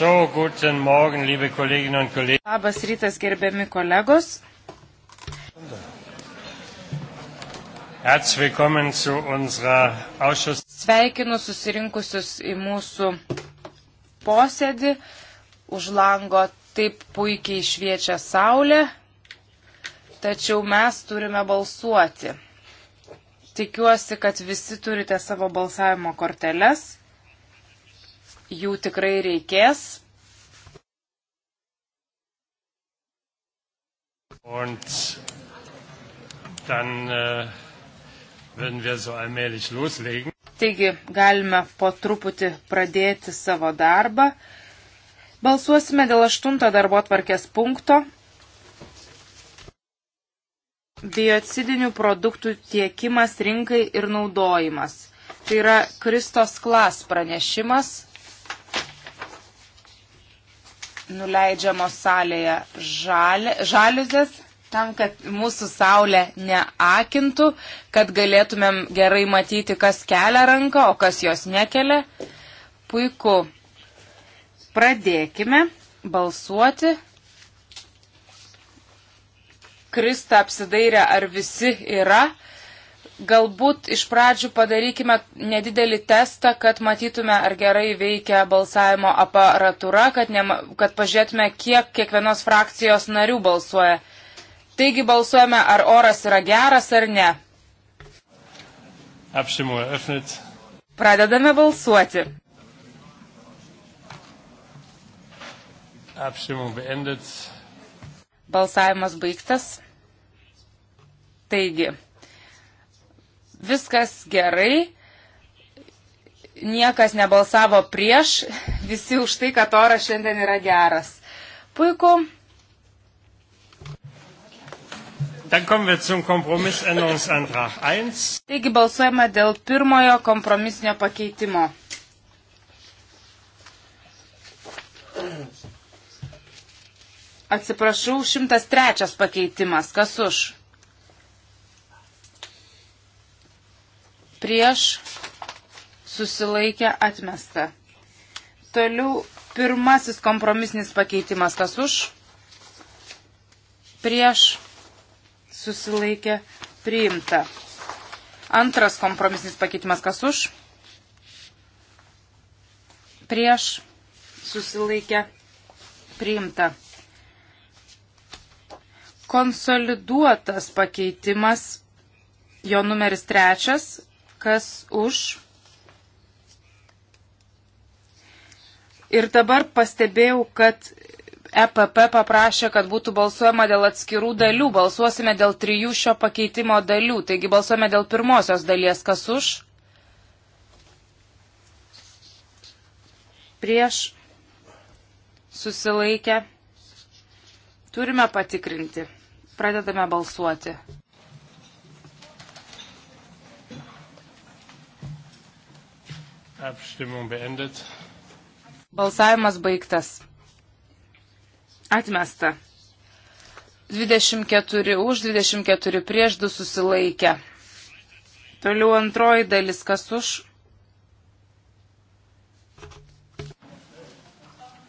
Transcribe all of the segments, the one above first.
So, guten Morgen, liebe Kolleginnen und Kollegen. Labas rytas, gerbiami kolegos. Herzlich willkommen zu unserer Ausschuss. Sveikinu susirinkusius į mūsų posėdį. Už lango taip puikiai šviečia saulė, tačiau mes turime balsuoti. Tikiuosi, kad visi turite savo balsavimo korteles jų tikrai reikės. Und dann äh, werden wir so allmählich loslegen. Taigi galime po truputį pradėti savo darbą. Balsuosime dėl aštunto darbo atvarkės punkto. Biocidinių produktų tiekimas rinkai ir naudojimas. Tai yra Kristos klas pranešimas nuleidžiamos salėje žali, žaliuzės, tam, kad mūsų saulė neakintų, kad galėtumėm gerai matyti, kas kelia ranką, o kas jos nekelia. Puiku. Pradėkime balsuoti. Krista apsidairė, ar visi yra. Galbūt iš pradžių padarykime nedidelį testą, kad matytume, ar gerai veikia balsavimo aparatūra, kad, ne, kad pažiūrėtume, kiek kiekvienos frakcijos narių balsuoja. Taigi balsuojame, ar oras yra geras ar ne. Apšimu, Pradedame balsuoti. Apšimu, Balsavimas baigtas. Taigi viskas gerai, niekas nebalsavo prieš, visi už tai, kad oras šiandien yra geras. Puiku. Taigi balsuojama dėl pirmojo kompromisinio pakeitimo. Atsiprašau, 103 pakeitimas. Kas už? prieš susilaikė atmesta. Toliau pirmasis kompromisinis pakeitimas, kas už, prieš susilaikė priimta. Antras kompromisinis pakeitimas, kas už, prieš susilaikė priimta. Konsoliduotas pakeitimas, jo numeris trečias, Kas už? Ir dabar pastebėjau, kad EPP paprašė, kad būtų balsuojama dėl atskirų dalių. Balsuosime dėl trijų šio pakeitimo dalių. Taigi balsuojame dėl pirmosios dalies. Kas už? Prieš susilaikę. Turime patikrinti. Pradedame balsuoti. Balsavimas baigtas. Atmesta. 24 už, 24 prieš 2 susilaikę. Toliau antroji dalis, kas už.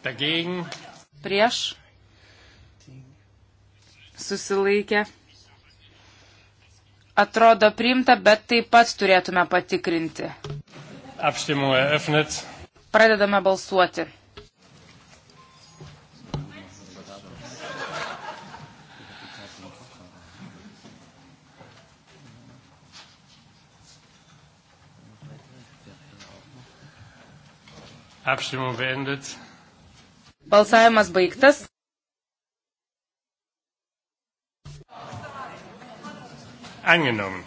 Dagegen. Prieš. Susilaikę. Atrodo priimta, bet taip pat turėtume patikrinti. Abstimmung eröffnet. Pradedame balsuoti. Abstimmung beendet. Balsavimas baigtas. Angenommen.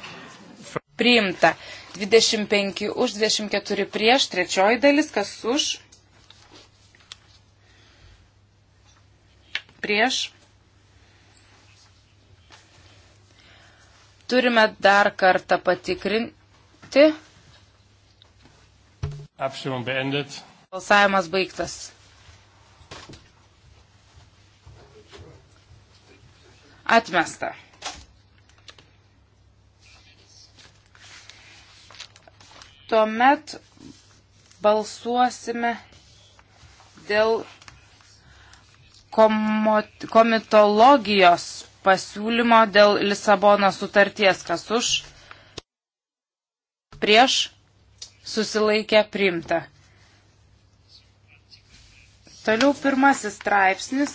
Priimta. 25 už, 24 prieš, trečioji dalis, kas už, prieš. Turime dar kartą patikrinti. Apsimum beendet. Balsavimas baigtas. Atmesta. Tuomet balsuosime dėl komitologijos pasiūlymo dėl Lisabono sutarties, kas už prieš susilaikė primta. Toliau pirmasis straipsnis,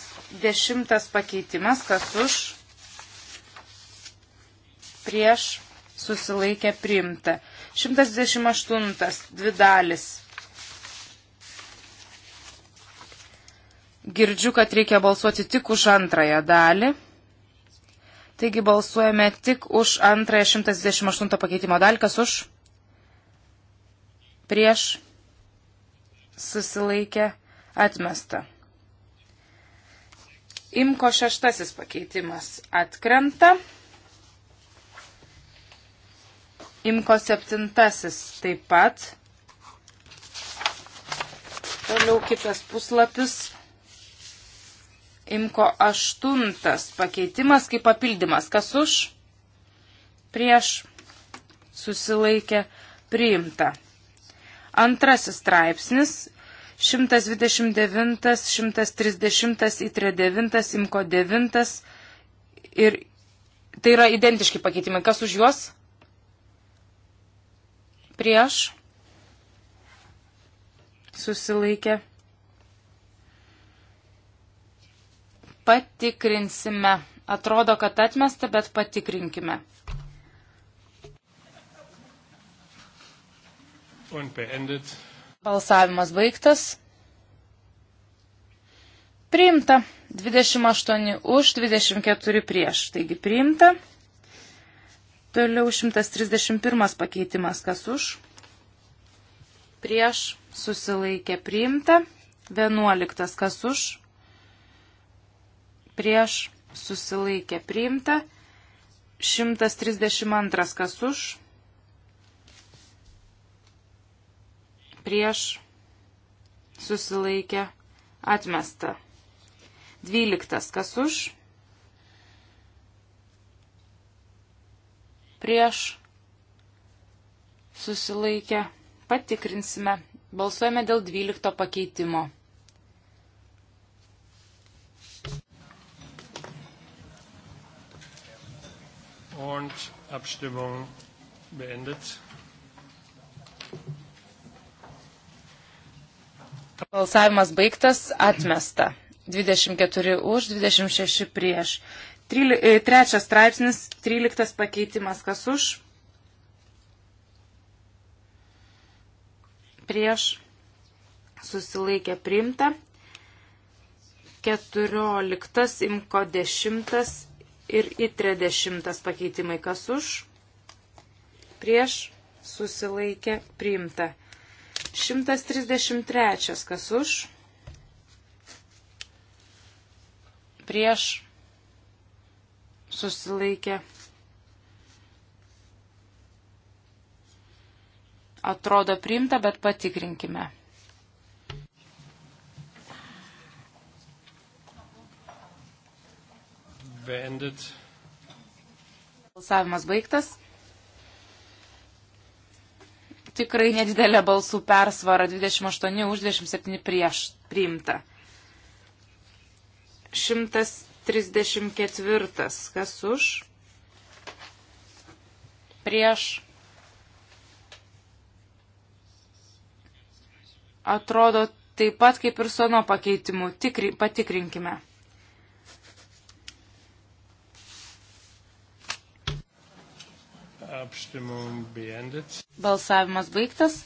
dešimtas pakeitimas, kas už prieš susilaikė priimta. 128. Dvi dalis. Girdžiu, kad reikia balsuoti tik už antrąją dalį. Taigi balsuojame tik už antrąją 128 pakeitimo dalį. Kas už? Prieš susilaikė atmesta. Imko šeštasis pakeitimas atkrenta. Imko septintasis taip pat. Toliau kitas puslapis. Imko aštuntas pakeitimas kaip papildymas. Kas už? Prieš susilaikė priimta. Antrasis straipsnis 129, 130, ITRE 9, IMKO 9 ir tai yra identiški pakeitimai. Kas už juos? prieš, susilaikė. Patikrinsime. Atrodo, kad atmesta, bet patikrinkime. Balsavimas baigtas. Priimta. 28 už, 24 prieš. Taigi priimta. Toliau 131 pakeitimas, kas už, prieš, susilaikė priimta, 11 kas už, prieš, susilaikė priimta, 132 kas už, prieš, susilaikė atmesta, 12 kas už, prieš susilaikę. Patikrinsime. Balsuojame dėl 12 pakeitimo. Und Abstimmung beendet. Balsavimas baigtas, atmesta. 24 už, 26 prieš. E, trečias straipsnis, tryliktas pakeitimas. Kas už? Prieš susilaikė primta. Keturioliktas, imko dešimtas ir į tredešimtas pakeitimai. Kas už? Prieš susilaikė primta. 133. Kas už? Prieš susilaikė. Atrodo priimta, bet patikrinkime. Beendet. Balsavimas baigtas. Tikrai nedidelė balsų persvara 28 už 27 prieš priimta. 100. 34. Kas už? Prieš. Atrodo taip pat kaip ir su ano pakeitimu. Tikri, patikrinkime. Balsavimas baigtas.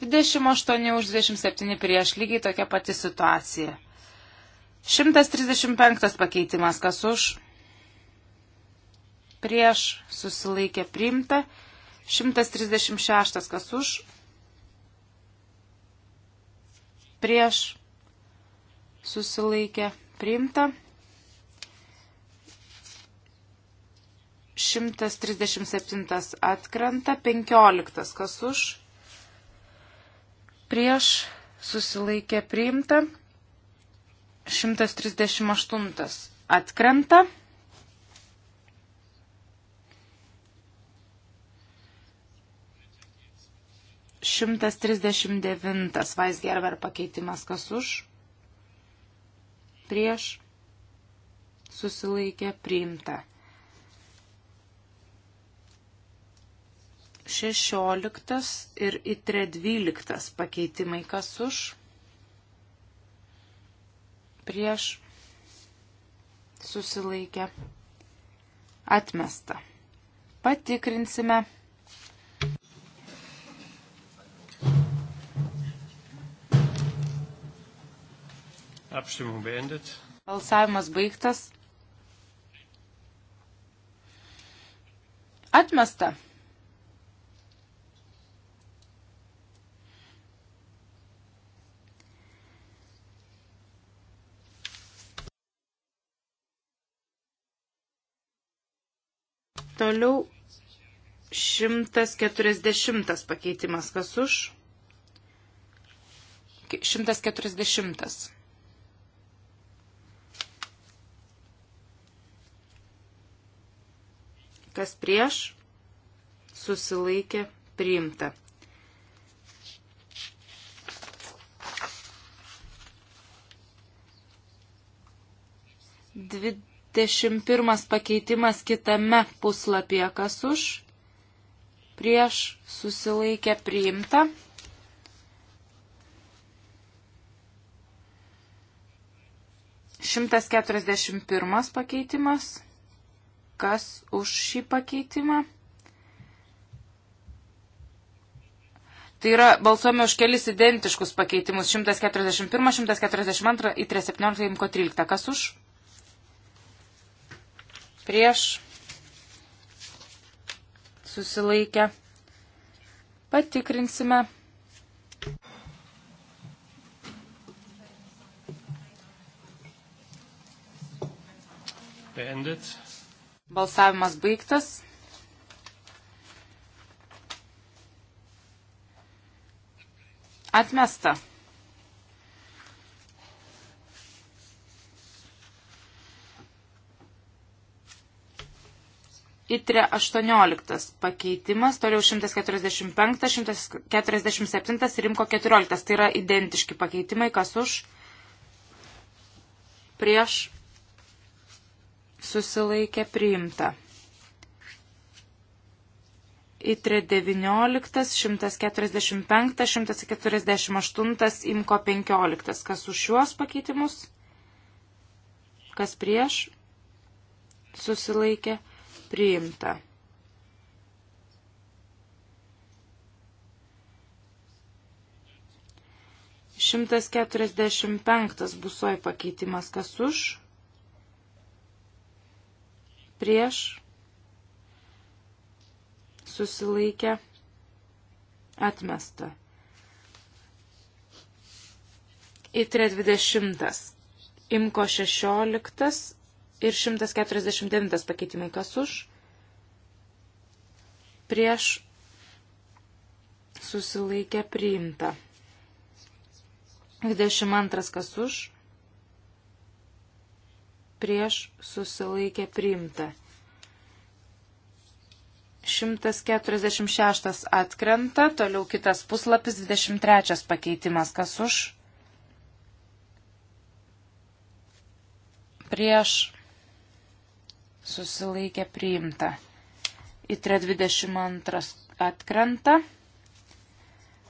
28 už 27 prieš lygiai tokia pati situacija. 135 pakeitimas, kas už, prieš, susilaikė priimta. 136 kas už, prieš, susilaikė priimta. 137 atkrenta, 15 kas už, prieš susilaikė priimta, 138 atkrenta. Šimtas trisdešimt devintas Vaisgerber pakeitimas kas už, prieš, susilaikė, priimta. Šešioliktas ir itre dvyliktas pakeitimai kas už, prieš susilaikė atmesta. Patikrinsime. Abstimmung beendet. Balsavimas baigtas. Atmesta. Toliau 140 pakeitimas. Kas už? 140. Kas prieš? Susilaikė priimta. Dvidešimt. 31 pakeitimas kitame puslapyje, kas už, prieš susilaikę priimta. Šimtas keturiasdešimt pirmas pakeitimas. Kas už šį pakeitimą? Tai yra balsuojame už kelis identiškus pakeitimus. 141, 142, į 317, imko 13. Kas už? prieš, susilaikę. Patikrinsime. Beendet. Balsavimas baigtas. Atmesta. ITRE 18 pakeitimas, toliau 145, 147 ir RIMKO 14. Tai yra identiški pakeitimai, kas už, prieš, susilaikė priimta. ITRE 19, 145, 148, IMKO 15. Kas už šiuos pakeitimus? Kas prieš? Susilaikė priimta priimta. Šimtas keturiasdešimt penktas busoj pakeitimas kas už, prieš, susilaikę, atmesta. Į 30. Imko 16 ir 149 pakeitimai kas už, prieš susilaikę priimta. 22 kas už, prieš susilaikę priimta. 146 atkrenta, toliau kitas puslapis, 23 pakeitimas, kas už, prieš susilaikė priimta. Į 322 atkrenta.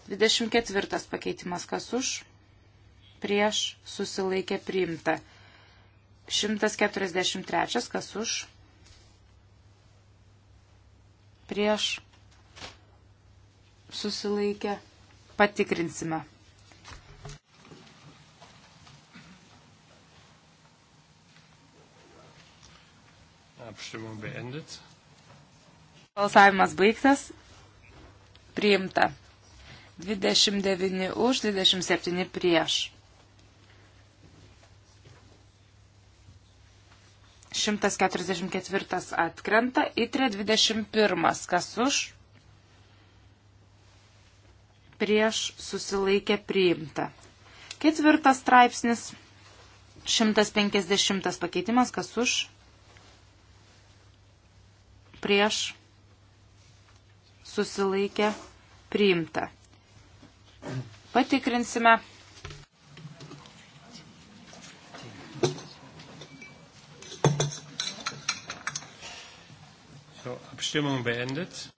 24 pakeitimas kas už, prieš susilaikė priimta. 143 kas už, prieš susilaikė patikrinsime. Abstimmung beendet. Balsavimas baigtas. Priimta. 29 už, 27 prieš. 144 atkrenta, itre 21. Kas už? Prieš susilaikė priimta. Ketvirtas straipsnis. 150 pakeitimas. Kas už? prieš susilaikė priimta. Patikrinsime.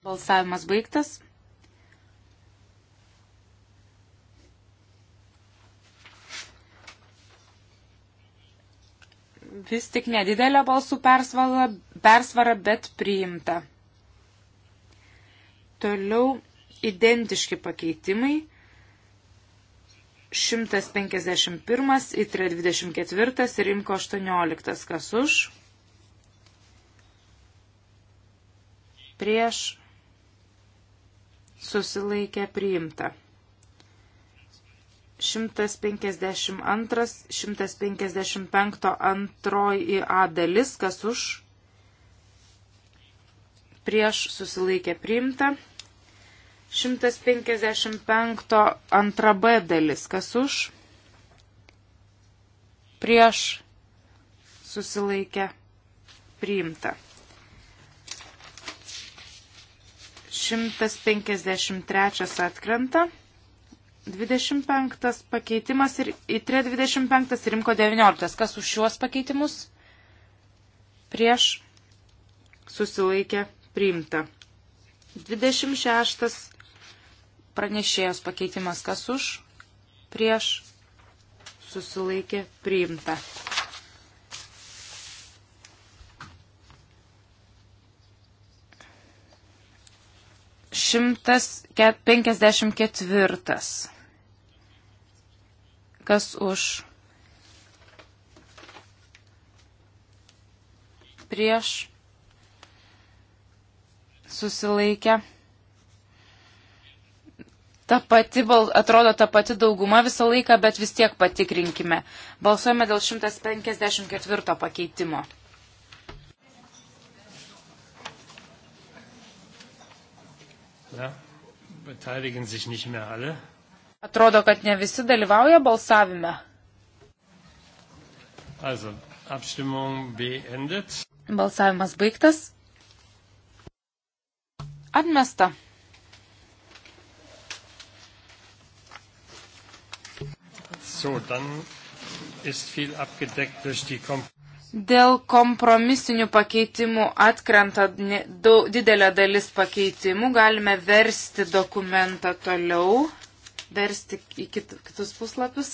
Balsavimas baigtas. vis tik nedidelė balsų persvara, persvara bet priimta. Toliau identiški pakeitimai. 151, ITRE 24 ir IMKO 18. Kas už? Prieš susilaikė priimta. 152, 155 antroji A dalis, kas už, prieš susilaikė priimta. 155 antra B dalis, kas už, prieš susilaikė priimta. 153 atkrenta. 25 pakeitimas ir įtrė 25 ir rimko 19. Kas už šiuos pakeitimus? Prieš susilaikė priimta. 26 pranešėjos pakeitimas. Kas už? Prieš susilaikė priimta. 154. Kas už? Prieš susilaikę. Ta pati, atrodo, ta pati dauguma visą laiką, bet vis tiek patikrinkime. Balsuojame dėl 154 pakeitimo. Na, beteiligen sich nicht mehr alle. Atrodo, kad ne visi dalyvauja balsavime. Also, Abstimmung beendet. Balsavimas baigtas. Atmesta. So, dann ist viel abgedeckt durch die Kompetenz. Dėl kompromisinių pakeitimų atkrenta didelė dalis pakeitimų. Galime versti dokumentą toliau, versti į kitus puslapius.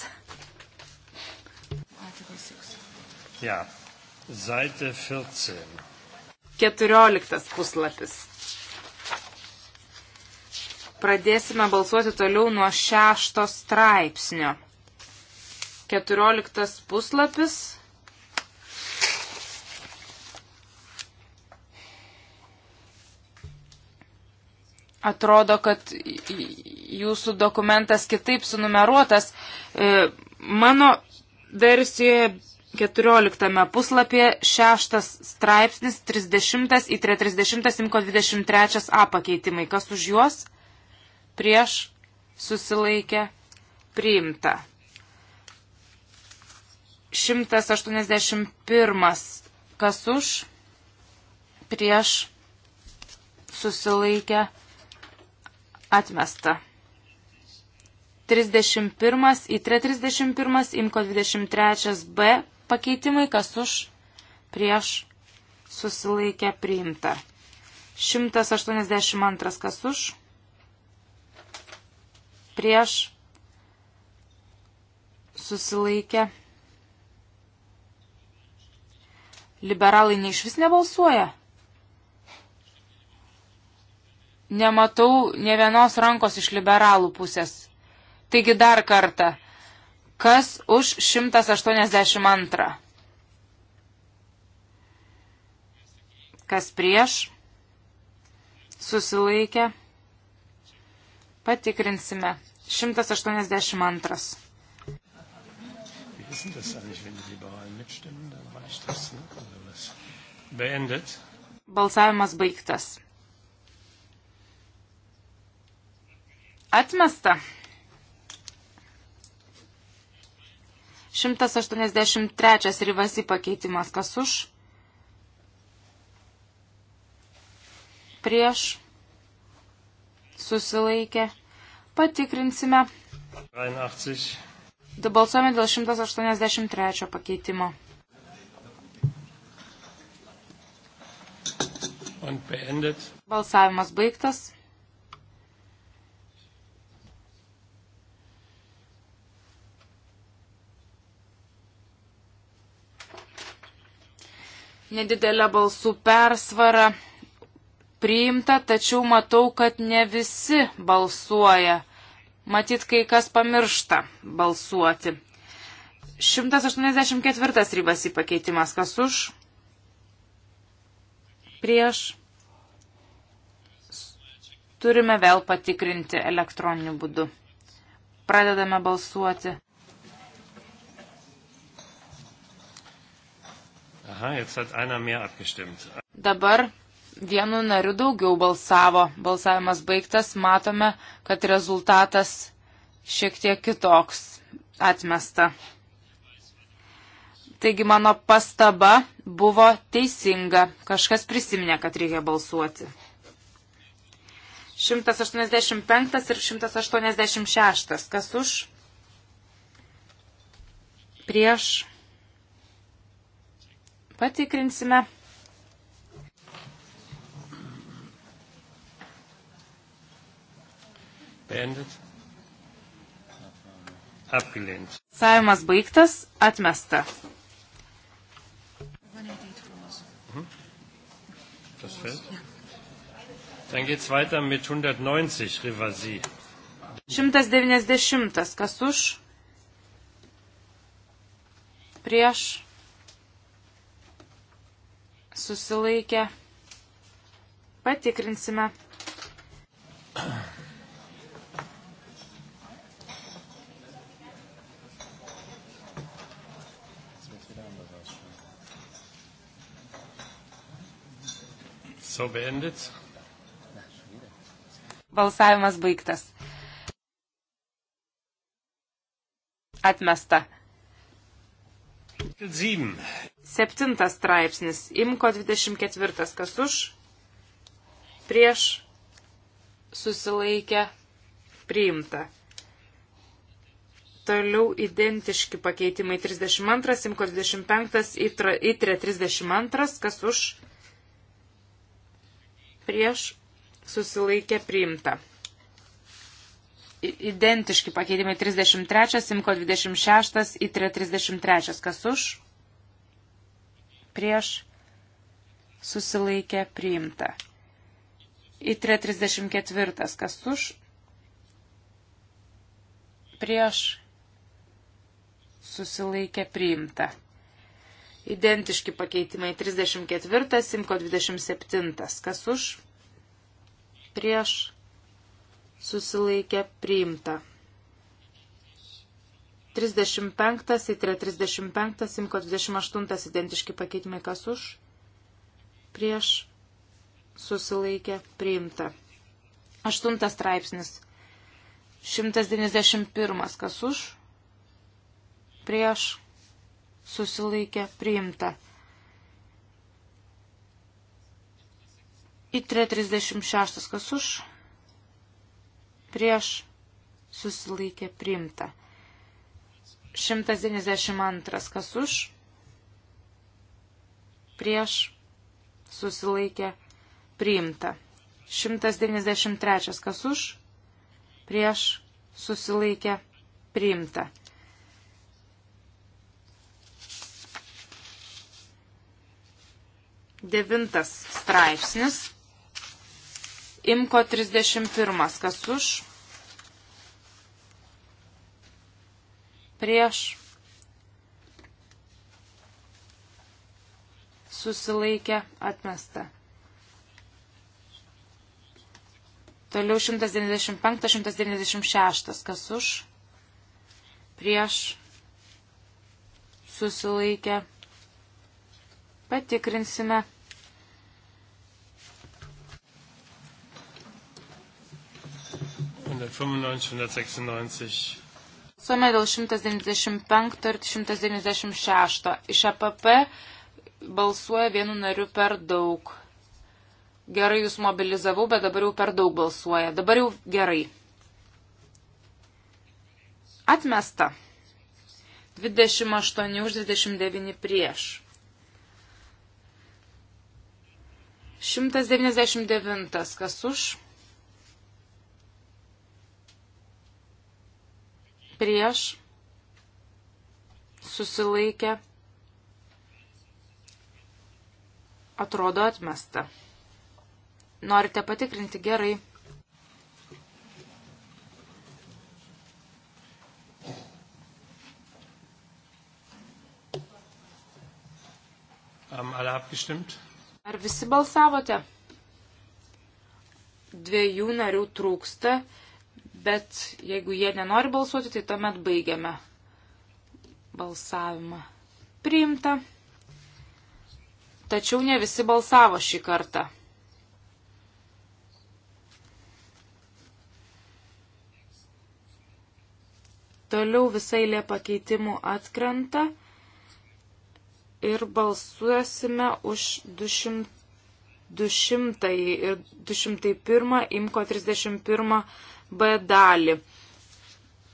Ja, Seite 14. 14 puslapis. Pradėsime balsuoti toliau nuo šešto straipsnio. 14 puslapis Atrodo, kad jūsų dokumentas kitaip sunumeruotas. E, mano versijoje 14 puslapyje 6 straipsnis 30 į 30 simko 23 A pakeitimai. Kas už juos? Prieš susilaikė priimta. 181. Kas už? Prieš susilaikė priimta Atmesta. 31 į 331, imko 23 B pakeitimai, kas už prieš susilaikę priimta. 182 kas už prieš susilaikę. Liberalai neiš vis nebalsuoja. nematau ne vienos rankos iš liberalų pusės. Taigi dar kartą, kas už 182? Kas prieš? Susilaikė. Patikrinsime. 182. Wie ist denn das eigentlich, wenn die Liberalen mitstimmen? Dann reicht das, ne? Beendet. Balsavimas baigtas. Atmesta. 183 ribas į pakeitimas. Kas už? Prieš. Susilaikė. Patikrinsime. 83. Balsuojame dėl 183 pakeitimo. Balsavimas baigtas. nedidelę balsų persvarą priimta, tačiau matau, kad ne visi balsuoja. Matyt, kai kas pamiršta balsuoti. 184 ribas į pakeitimas. Kas už? Prieš. Turime vėl patikrinti elektroniniu būdu. Pradedame balsuoti. Aha, Dabar vienu nariu daugiau balsavo. Balsavimas baigtas, matome, kad rezultatas šiek tiek kitoks atmesta. Taigi mano pastaba buvo teisinga. Kažkas prisiminė, kad reikia balsuoti. 185 ir 186. Kas už? Prieš Patikrinsime. Beendet. Apgalint. Savimas baigtas, atmesta. Mhm. Das fällt. Dann geht's weiter mit 190 Rivasi. 190, kas už? Prieš susilaikė. Patikrinsime. So beendet. Balsavimas baigtas. Atmesta. 7. Septintas straipsnis. Imko 24. Kas už? Prieš susilaikę priimta. Toliau identiški pakeitimai 32, Imko 25, ITRE 32. Kas už? Prieš susilaikę priimta. Identiški pakeitimai 33, Imko 26, ITRE 33. Kas už? prieš susilaikė priimta. Į 34, kas už, prieš susilaikė priimta. Identiški pakeitimai 34, Simko 27, kas už, prieš susilaikė priimta. 35, įtrė 35, simko 28 identiški pakeitimai kas už, prieš, susilaikė, priimta. Aštuntas straipsnis. 191 kas už, prieš, susilaikė, priimta. Įtrė 36 kas už, prieš, susilaikė, priimta. 192. Kas už? Prieš susilaikė priimta. 193. Kas už? Prieš susilaikė priimta. Devintas straipsnis. Imko 31. Kas už? prieš susilaikė atmesta. Toliau 195-196, kas už, prieš, susilaikę, patikrinsime. Und 95, 196. Balsuojame dėl 195 ir 196. Iš APP balsuoja vienu nariu per daug. Gerai jūs mobilizavau, bet dabar jau per daug balsuoja. Dabar jau gerai. Atmesta. 28 už 29 prieš. 199 kas už? prieš, susilaikė, atrodo atmesta. Norite patikrinti gerai. Ar visi balsavote? Dviejų narių trūksta bet jeigu jie nenori balsuoti, tai tuomet baigiame balsavimą. Priimta. Tačiau ne visi balsavo šį kartą. Toliau visai lė pakeitimų atkrenta ir balsuosime už 200, 200 ir 201 imko 31 B dalį.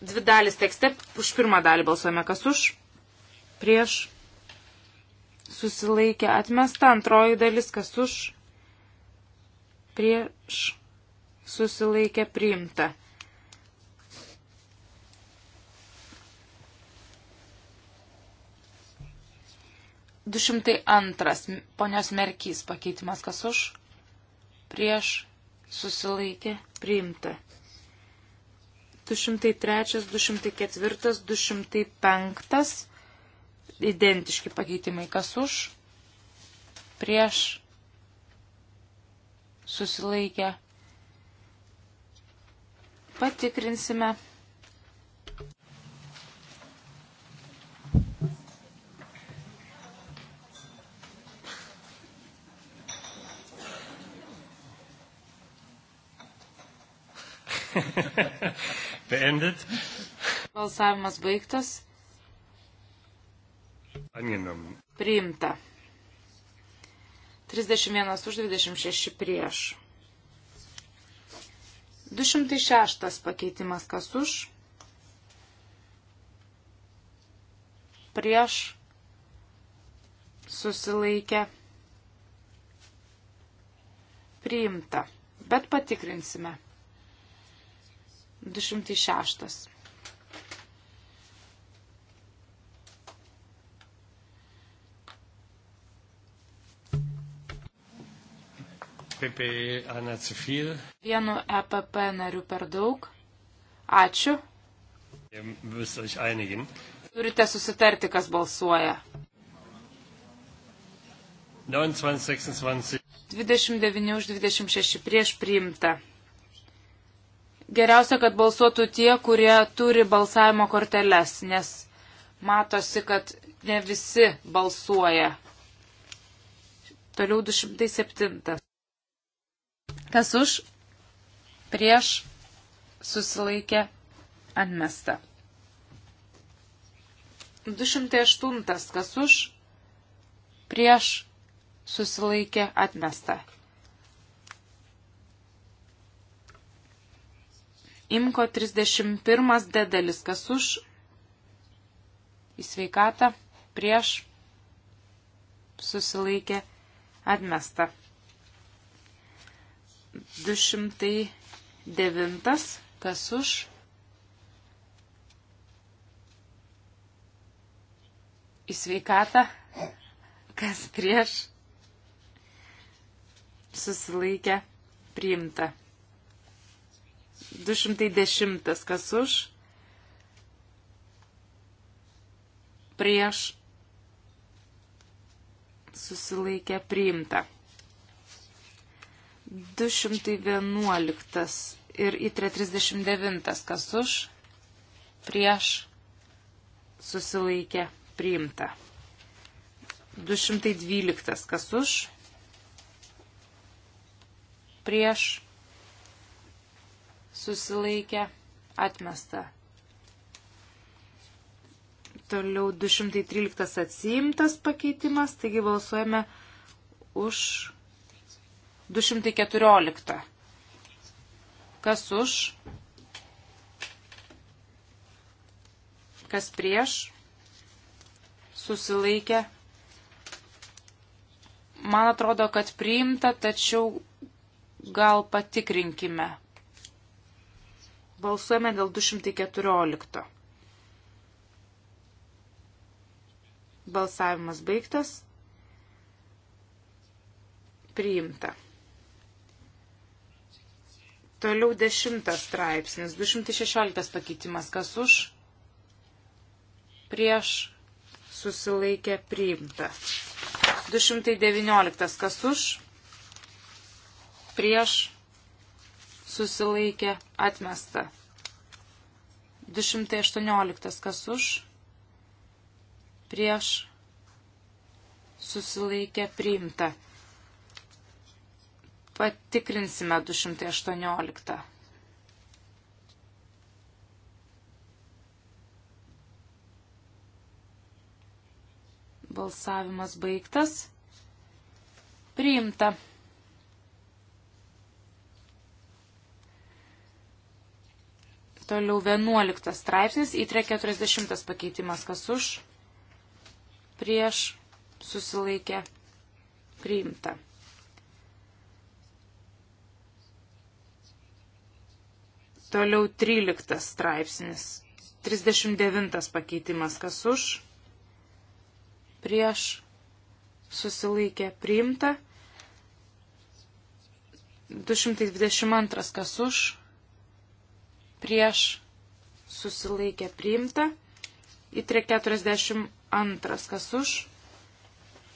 Dvi dalis tekste, už pirmą dalį balsuojame, kas už, prieš, susilaikė, atmesta, antroji dalis, kas už, prieš, susilaikė, priimta. Du šimtai antras, ponios merkys pakeitimas, kas už, prieš, susilaikė, priimta. 203, 204, 205. Identiški pakeitimai. Kas už? Prieš? Susilaikę. Patikrinsime. beendet. Balsavimas baigtas. Anginam. Priimta. 31 už 26 prieš. 206 pakeitimas kas už. Prieš. Susilaikė. Priimta. Bet patikrinsime. 206. Vienu EPP nariu per daug. Ačiū. Turite susitarti, kas balsuoja. 29 už 26 prieš priimta. Geriausia, kad balsuotų tie, kurie turi balsavimo korteles, nes matosi, kad ne visi balsuoja. Toliau 207. Kas už, prieš, susilaikė, atmesta. 208. Kas už, prieš, susilaikė, atmesta. Imko 31 D dalis, kas už, į sveikatą, prieš, susilaikė, atmesta. 209, kas už, į sveikatą, kas prieš, susilaikė, priimta. 210 kas už, prieš susilaikė priimta. 211 ir į 39 kas už, prieš susilaikė priimta. 212 kas už, prieš susilaikė, atmesta. Toliau 213 atsiimtas pakeitimas, taigi balsuojame už 214. Kas už? Kas prieš? Susilaikė. Man atrodo, kad priimta, tačiau gal patikrinkime. Balsuojame dėl 214. Balsavimas baigtas. Priimta. Toliau 10 straipsnis, 216 pakeitimas, kas už, prieš, susilaikė, priimta. 219 kas už, prieš, susilaikė atmesta. 218 kas už, prieš susilaikė priimta. Patikrinsime 218. Balsavimas baigtas. Priimta. Toliau 11 straipsnis, įtrė 40 pakeitimas, kas už, prieš, susilaikė, priimta. Toliau 13 straipsnis, 39 pakeitimas, kas už, prieš, susilaikė, priimta. 222 kas už, prieš susilaikė priimta. Į 342, kas už,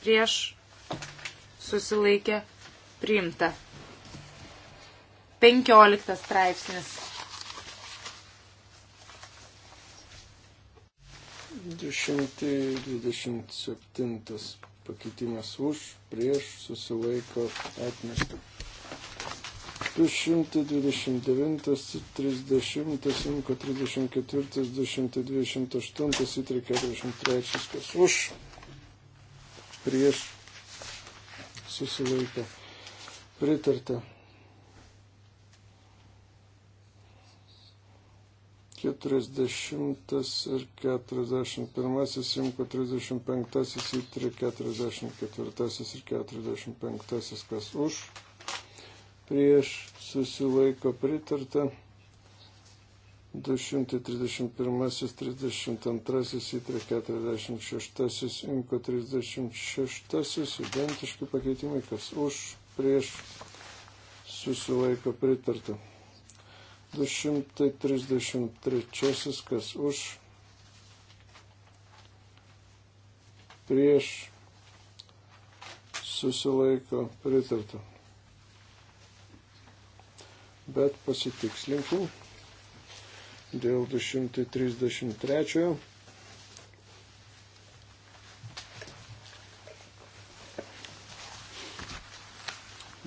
prieš susilaikė priimta. 15 straipsnis. 227 pakeitimas už, prieš susilaiko atmestą. 229, 30, 34, 228, įtrė 43, kas už, prieš, susilaikė, pritarta. 40 ir 41, Simko 35, įtrė 44 ir 45, kas už prieš susilaiko pritarta. 231-32 įtrė 46, imko 36, identiški pakeitimai, kas už, prieš, susilaiko pritarta. 233, kas už, prieš, susilaiko pritarta bet pasitikslinkim dėl 233.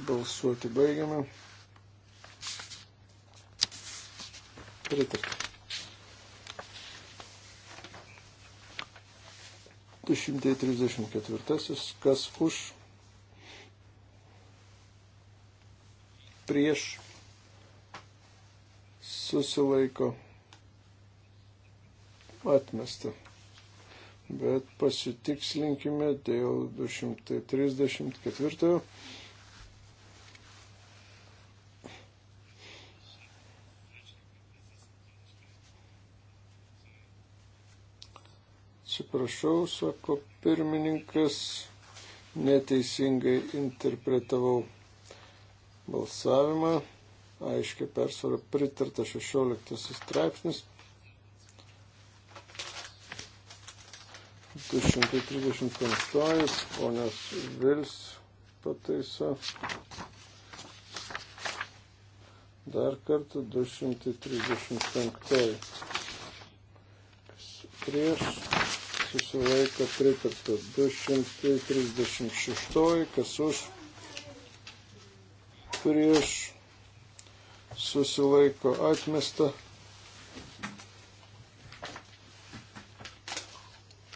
Balsuoti baigiame. Pritarta. 234. Kas už? Prieš susilaiko atmesta. Bet pasitikslinkime dėl 234. Atsiprašau, sako pirmininkas, neteisingai interpretavau balsavimą aiškiai persvara pritarta 16 straipsnis. 235, ponas Vils pataiso. Dar kartą 235. Prieš susilaiko pritarta 236, kas už prieš susilaiko atmesta.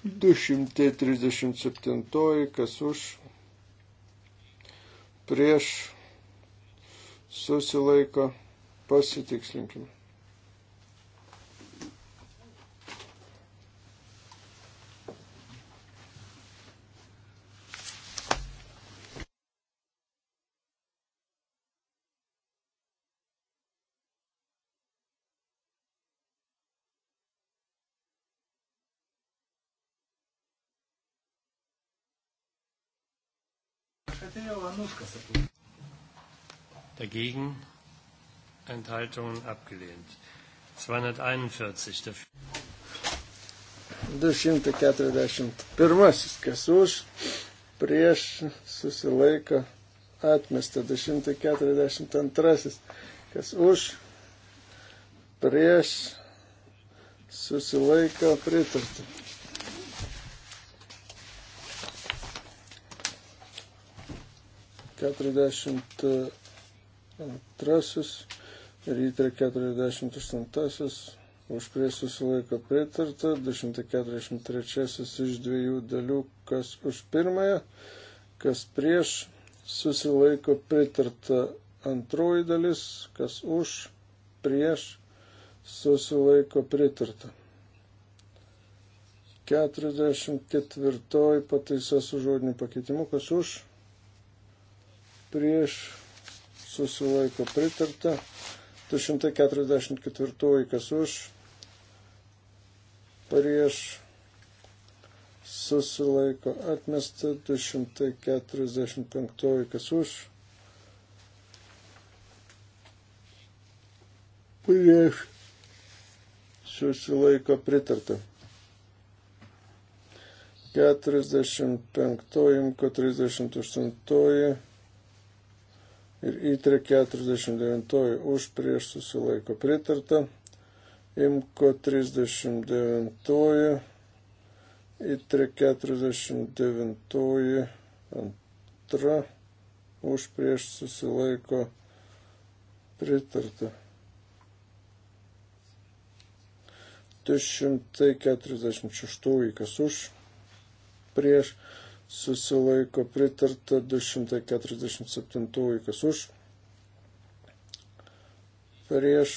237, kas už, prieš, susilaiko, pasitikslinkime. Dagegen Enthaltungen abgelehnt. 241 dafür. 241, kas už, prieš susilaiko atmesta. 242, kas už, prieš susilaiko pritarta. 42 ir įtrė 48 už prie susilaiko pritarta, 243 iš dviejų dalių, kas už pirmąją, kas prieš susilaiko pritarta antroji dalis, kas už prieš susilaiko pritarta. 44 pataisos su žodiniu pakeitimu, kas už prieš susilaiko pritarta. 244 kas už prieš susilaiko atmesta 245 kas už. Prieš susilaiko pritarta. 45, 38 ir įtrė 49 už prieš susilaiko pritarta, imko 39, įtrė 49 antra už prieš susilaiko pritarta. 246 kas už prieš susilaiko pritarta 247, kas už, prieš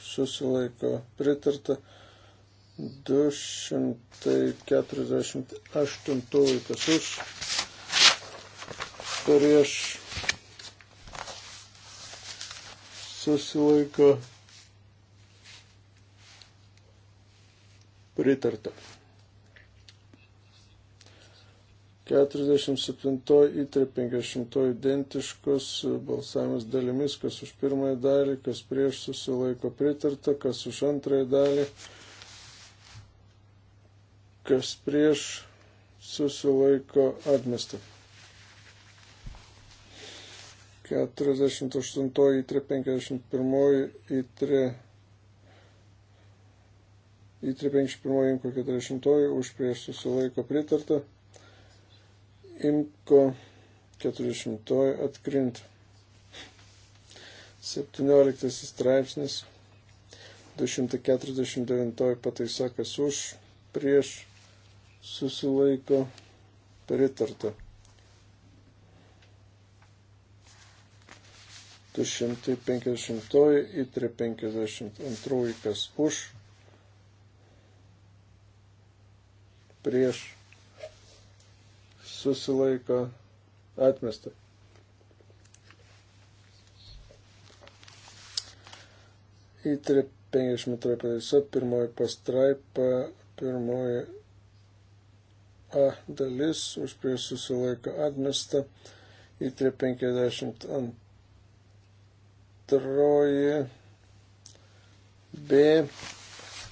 susilaiko pritarta 248, kas už, prieš susilaiko pritarta. 47 į 50 identiškus balsavimas dalimis, kas už pirmąją dalį, kas prieš susilaiko pritarta, kas už antrąją dalį, kas prieš susilaiko atmesta. 48 į 51 į 3. Į 351 40 už prieš susilaiko pritarta. Imko 40 atkrinta. 17 straipsnis 249 pataisa, kas už, prieš, susilaiko, pritarta. 250 į 352, kas už, prieš, susilaiko atmesta. Įtrė 52 pataisa, pirmoji pastraipa, pirmoji A dalis, už prie susilaiko atmesta. Įtrė 52 B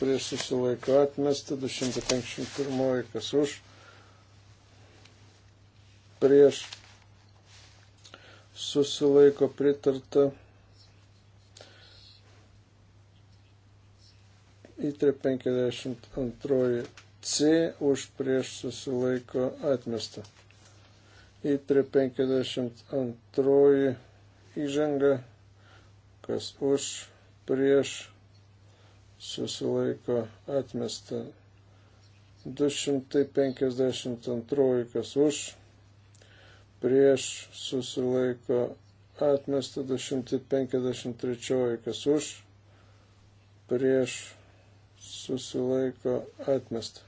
prieš susilaiko atmestą, 251 kas už, prieš susilaiko pritarta. Įtrė 52 C už prieš susilaiko atmesta. Įtrė 52 įžanga, kas už prieš susilaiko atmesta. 252 kas už prieš susilaiko atmesta 253, kas už, prieš susilaiko atmesta.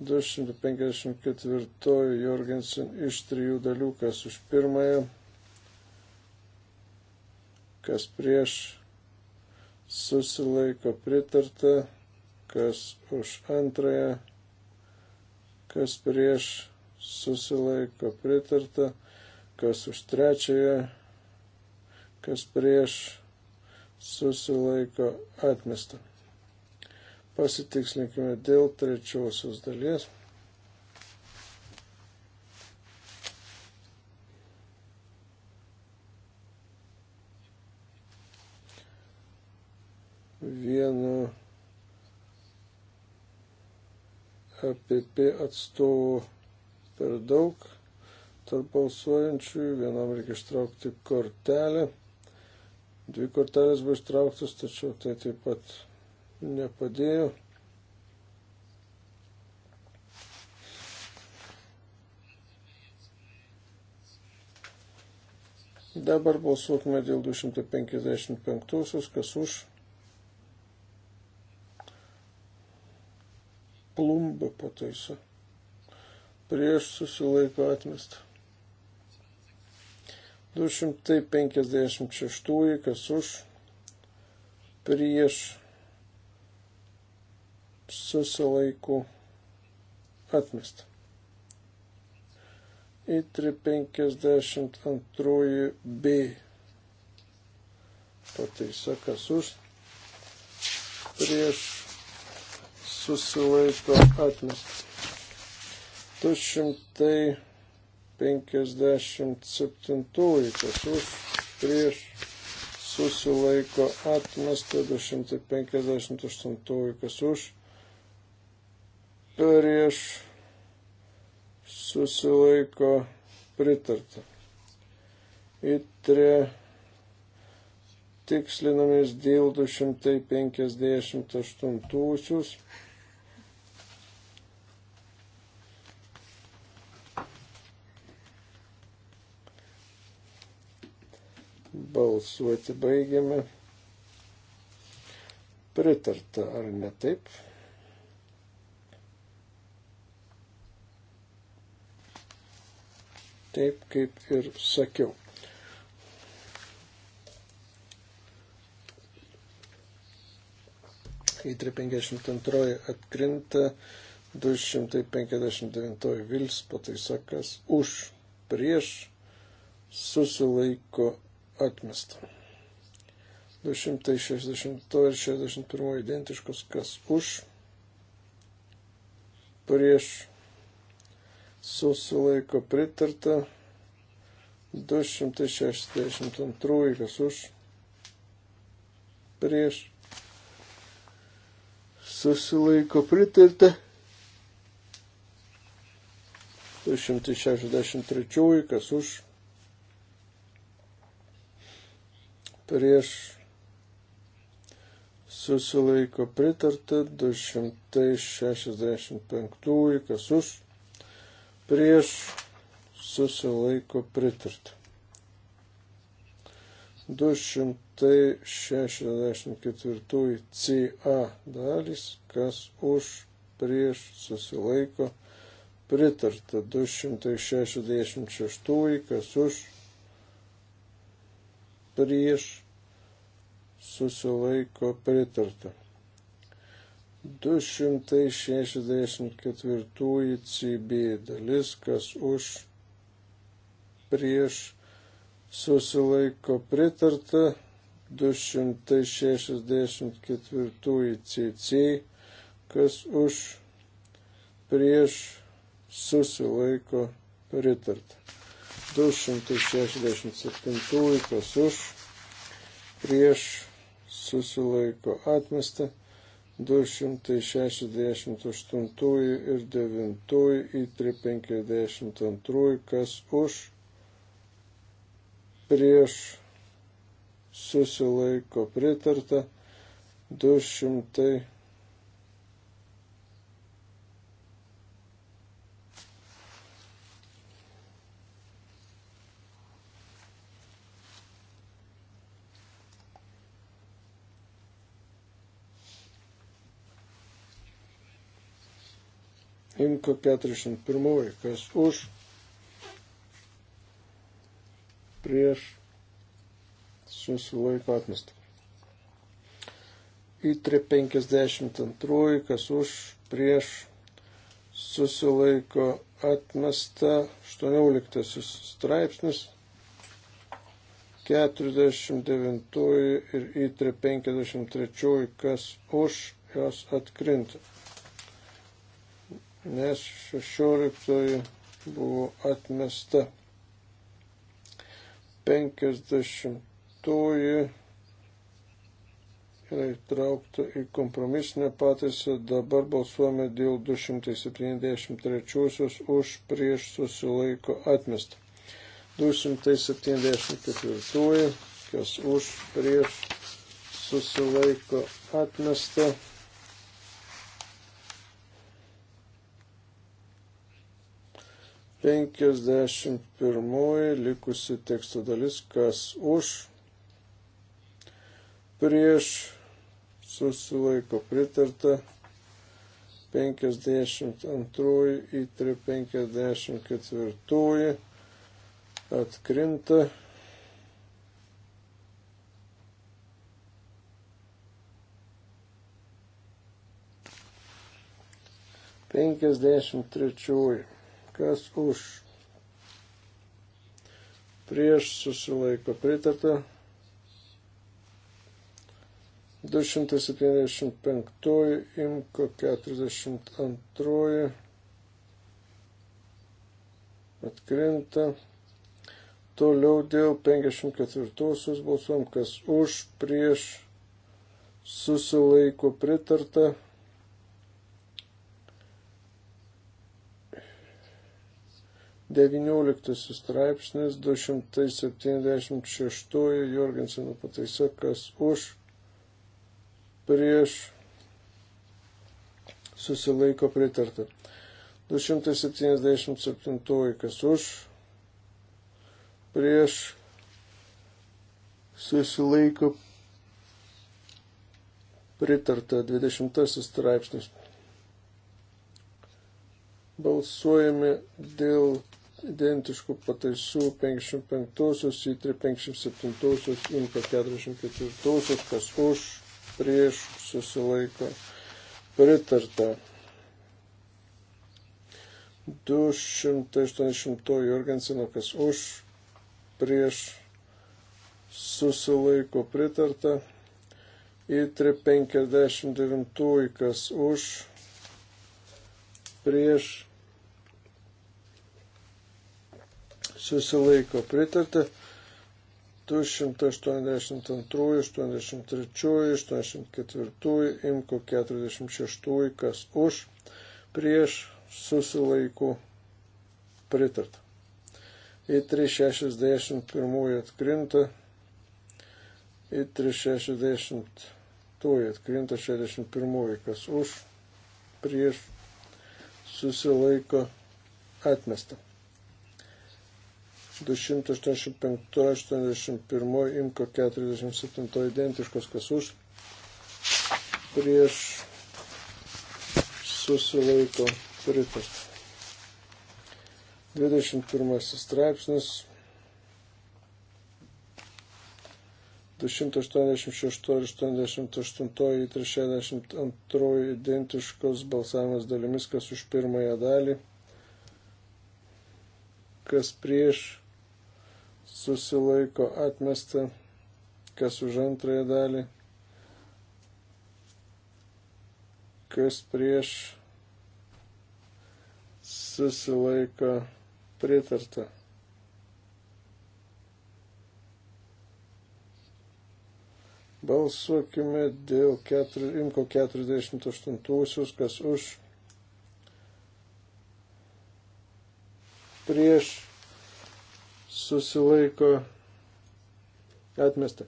254 Jorgensen iš trijų dalių, kas už pirmąją, kas prieš susilaiko pritarta, kas už antrąją, kas prieš susilaiko pritarta, kas už trečiąją, kas prieš susilaiko atmesta. Pasitikslinkime dėl trečiosios dalies. Vienu APP atstovu per daug tarp balsuojančiųjų, vienam reikia ištraukti kortelę. Dvi kortelės buvo ištrauktos, tačiau tai taip pat nepadėjo. Dabar balsuokime dėl 255, kas už. Plumba pataiso prieš susilaiko atmestą. 256, kas už, prieš susilaiko atmestą. Į 352 B. Pataisa, kas už, prieš susilaiko atmestą. 257, kas už, prieš, susilaiko atmesta, 258, kas už, prieš, susilaiko pritarta. Įtrė tikslinamis dėl 258. Balsuoti baigiame. Pritarta ar ne taip? Taip kaip ir sakiau. Į 352 atkrinta 259 vils pataisakas už prieš susilaiko atmesta. 260 ir 61 identiškus, kas už, prieš, susilaiko pritarta, 262, kas už, prieš, susilaiko pritarta, 263, kas už, prieš susilaiko pritarta 265, kas už, prieš susilaiko pritarta. 264 CA dalis, kas už, prieš susilaiko pritarta. 266, kas už, prieš susilaiko pritarta. 264 CB dalis, kas už prieš susilaiko pritarta. 264 CC, kas už prieš susilaiko pritarta. 267, kas už, prieš susilaiko atmesta, 268 ir 9 į 352, kas už, prieš susilaiko pritarta, 200. imko 41, kas už, prieš, susilaiko atmestą. Įtrė 52, kas už, prieš, susilaiko atmesta 18 straipsnis, 49 ir įtrė 53, kas už, jos atkrinta nes 16 buvo atmesta 50 yra įtraukta į kompromisinę pataisą, dabar balsuojame dėl 273 už prieš susilaiko atmestą. 274, kas už prieš susilaiko atmestą. 51 likusi teksto dalis, kas už, prieš, susilaiko pritarta, 52 į 354 atkrinta. Penkiasdešimt trečiųjų kas už, prieš susilaiko pritarta. 275, imko 42, atkrinta. Toliau dėl 54 balsuom, kas už, prieš, susilaiko pritarta. 19 straipsnis 276 Jorgenseno pataisa, kas už prieš susilaiko pritarta. 277 kas už prieš susilaiko pritarta 20 straipsnis balsuojame dėl identiškų pataisų 55-osios, įtri 57-osios, imta 44-osios, kas už, prieš, susilaiko, pritarta. 280 Jorgensino, kas už, prieš, susilaiko, pritarta. Įtri 59, kas už, prieš, susilaiko pritarta. 282, 83, 84, imko 46, kas už, prieš susilaikų pritarta. Į 361 atkrinta, į 360 atkrinta 61, kas už, prieš susilaiko atmesta. 285-81 imko 47 identiškos kas už prieš susilaiko pritarta. 21 straipsnis 286-88-362 identiškos balsavimas dalimis, kas už pirmąją dalį, kas prieš susilaiko atmesta, kas už antrąją dalį, kas prieš susilaiko pritarta. Balsuokime dėl 4, imko 48, kas už prieš susilaiko atmesta.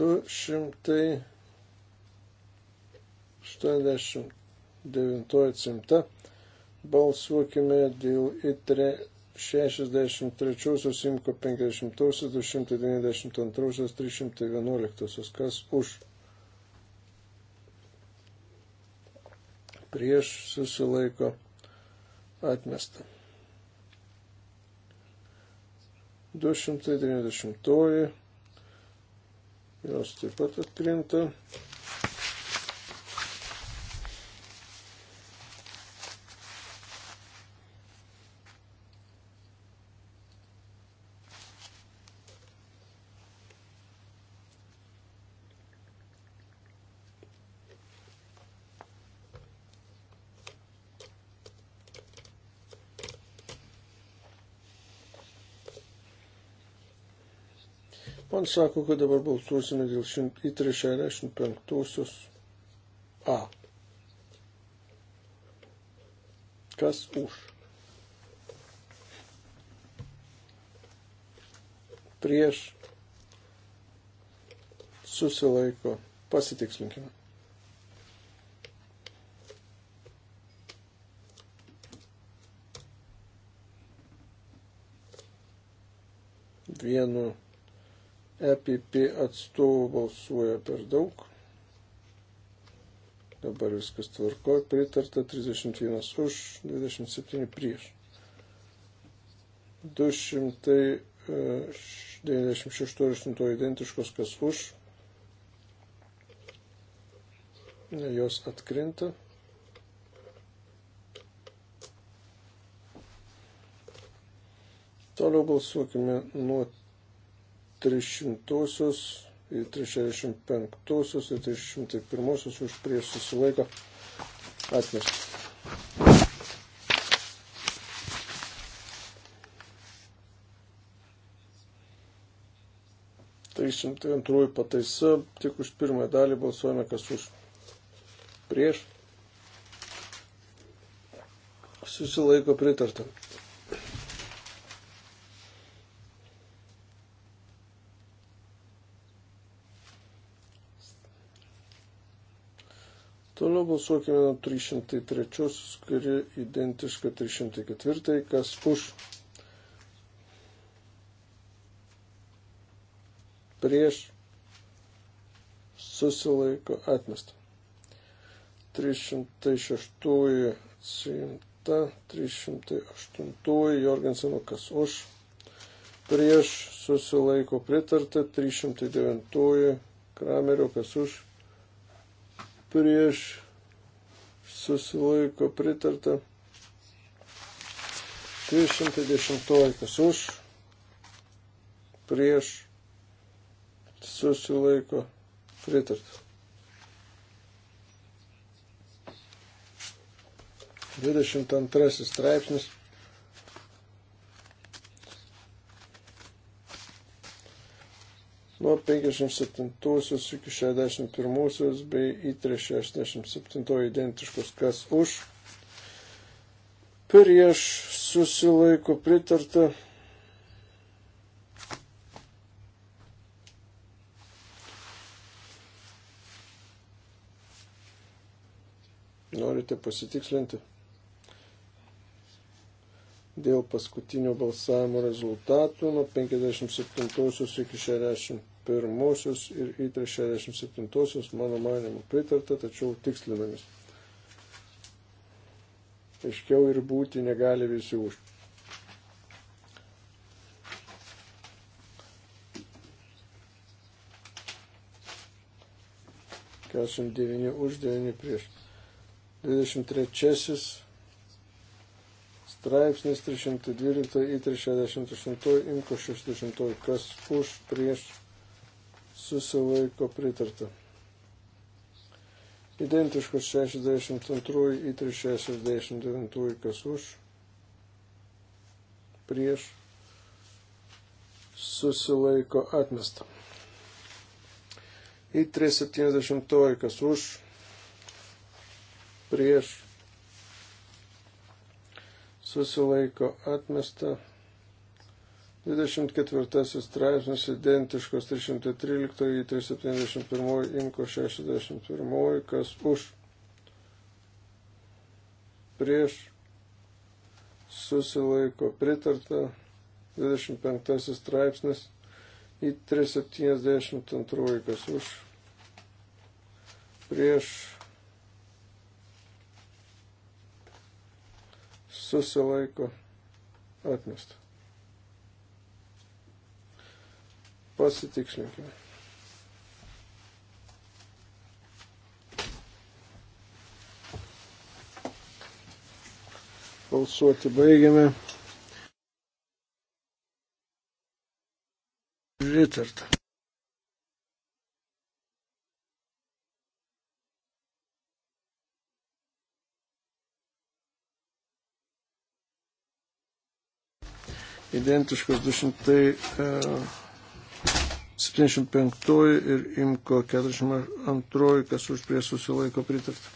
Du šimtai aštuoniasdešimt devintoji atsimta. Balsuokime dėl itre 63, susimko 50, 292, 311, kas už. prieš susilaiko atmesta. 290. Jos taip pat atkrinta. sako, kad dabar balsuosime dėl 165 A. Kas už? Prieš susilaiko. Pasitikslinkime. Vienu EPP atstovų balsuoja per daug. Dabar viskas tvarko, pritarta 31 už, 27 prieš. 296 e, identiškos kas už. Jos atkrinta. Toliau balsuokime nuo 300-osius, 365-osius ir 301-osius už prieš susilaiko atmestas. Tai 102 pataisa, tik už pirmąją dalį balsuojame, kas už prieš. Susilaiko pritartam. Toliau balsuokime 303, kuri identiška 304, kas už prieš susilaiko atmestą. 306 atsiimta, 308 Jorgenseno kas už, prieš susilaiko pritarta, 309 Kramerio kas už, prieš susilaiko pritarta. 310 kas už, prieš susilaiko pritarta. 22 straipsnis. nuo 57 iki 61 bei į 367 identiškus, kas už, prieš susilaiko pritarta. Norite pasitikslinti? dėl paskutinių balsavimo rezultatų nuo 57 iki 61 ir į 67 mano manimu pritarta, tačiau tikslinamis. Aiškiau ir būti negali visi už. Kesam 9 už 9 prieš. 23 straipsnis 312 į 368, imko 60, kas už prieš susilaiko pritarta. Identiškus 62 į 369, kas už prieš susilaiko atmesta. Į 370, kas už prieš susilaiko atmesta. 24 straipsnis identiškos 313 į 371 imko 61, kas už prieš susilaiko pritarta 25 straipsnis į 372, kas už prieš susilaiko atmesta. Pasitikslinkime. Balsuoti baigiame. Pritarta. identiškos 275 e, ir imko 42, kas už prie susilaiko pritarta.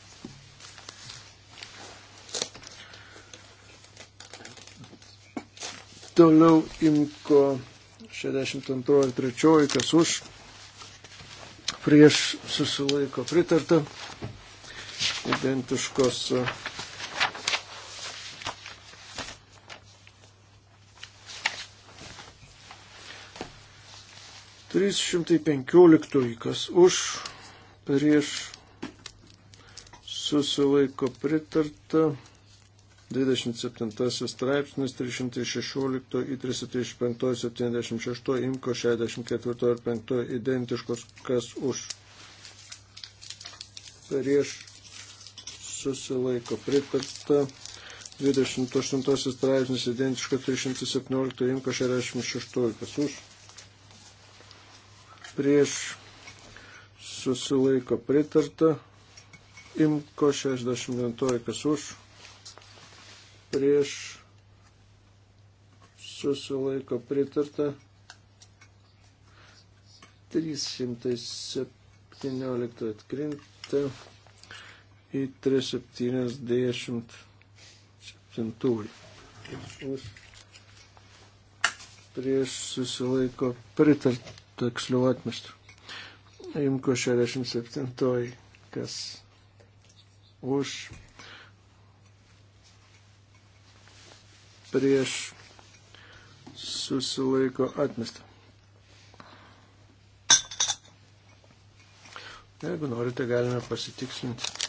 Toliau imko 62 ir 3, kas už prieš susilaiko pritarta. Identiškos e, 315, kas už, prieš, susilaiko pritarta. 27 straipsnis 316 į 335, 76, imko 64 ir 5 identiškos, kas už, prieš, susilaiko pritarta. 28 straipsnis identiškas 317, imko 66, kas už prieš susilaiko pritarta. Imko 69, kas už, prieš susilaiko pritarta. 317 atkrinta į 377. Už prieš susilaiko pritarta tiksliau atmestų. Imko 67, kas už, prieš, susilaiko atmestą. Jeigu norite, galime pasitikslinti.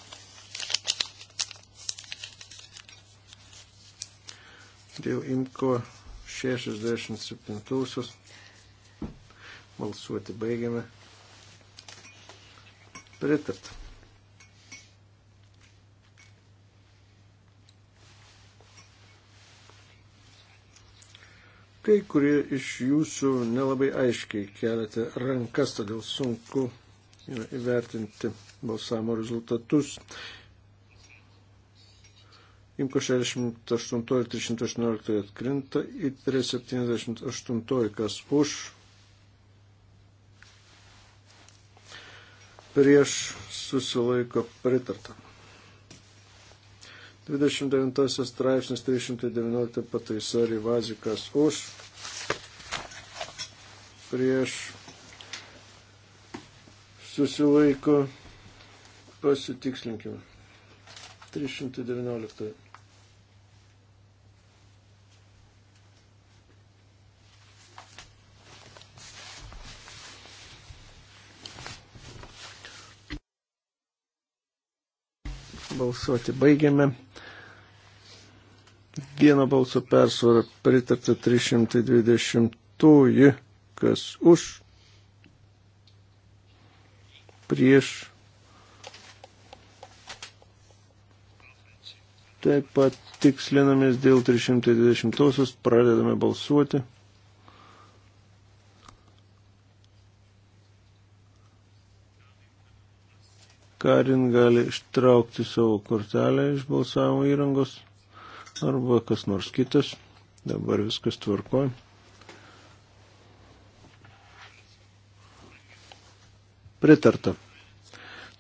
Dėl imko 67. Balsuoti baigiame. Pritart. Kai kurie iš jūsų nelabai aiškiai keliate rankas, todėl sunku yra įvertinti balsavimo rezultatus. Imko 68 ir 318 atkrinta, į 378 kas už, prieš susilaiko pritarta. 29 straipsnis 319 pataisa Rivazikas už prieš susilaiko pasitikslinkime. 319. Balsuoti baigiame. Vieno balso persvara pritarta 320-ųjų, kas už, prieš. Taip pat tikslinamės dėl 320-osios, pradedame balsuoti. Karin gali ištraukti savo kortelę iš balsavimo įrangos arba kas nors kitas. Dabar viskas tvarkoja. Pritarta.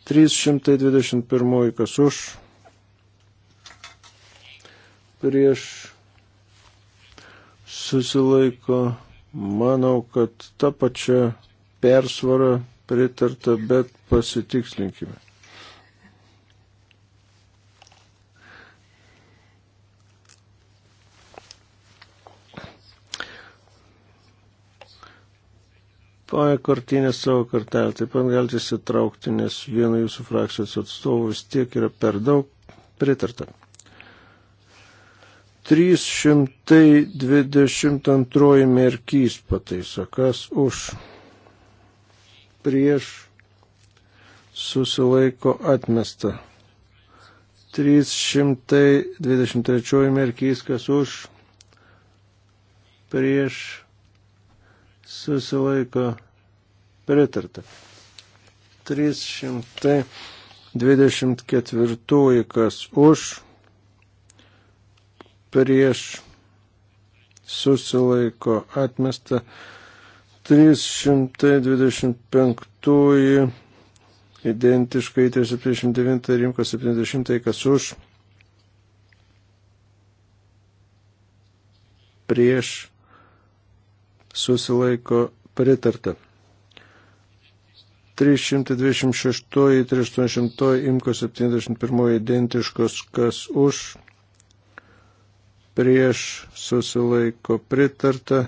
321 kas už. Prieš susilaiko. Manau, kad ta pačia persvara pritarta, bet pasitikslinkime. Pane Kortinė savo kartelę taip pat galite įsitraukti, nes vieno jūsų frakcijos atstovų vis tiek yra per daug pritarta. 322 merkys pataiso, kas už prieš susilaiko atmesta. 323 merkys, kas už prieš susilaiko pritarta. 324 kas už, prieš susilaiko atmesta. 325 identiškai 379 rimko 70 kas už prieš susilaiko pritarta. 326, 380, imko 71 identiškos, kas už, prieš susilaiko pritarta.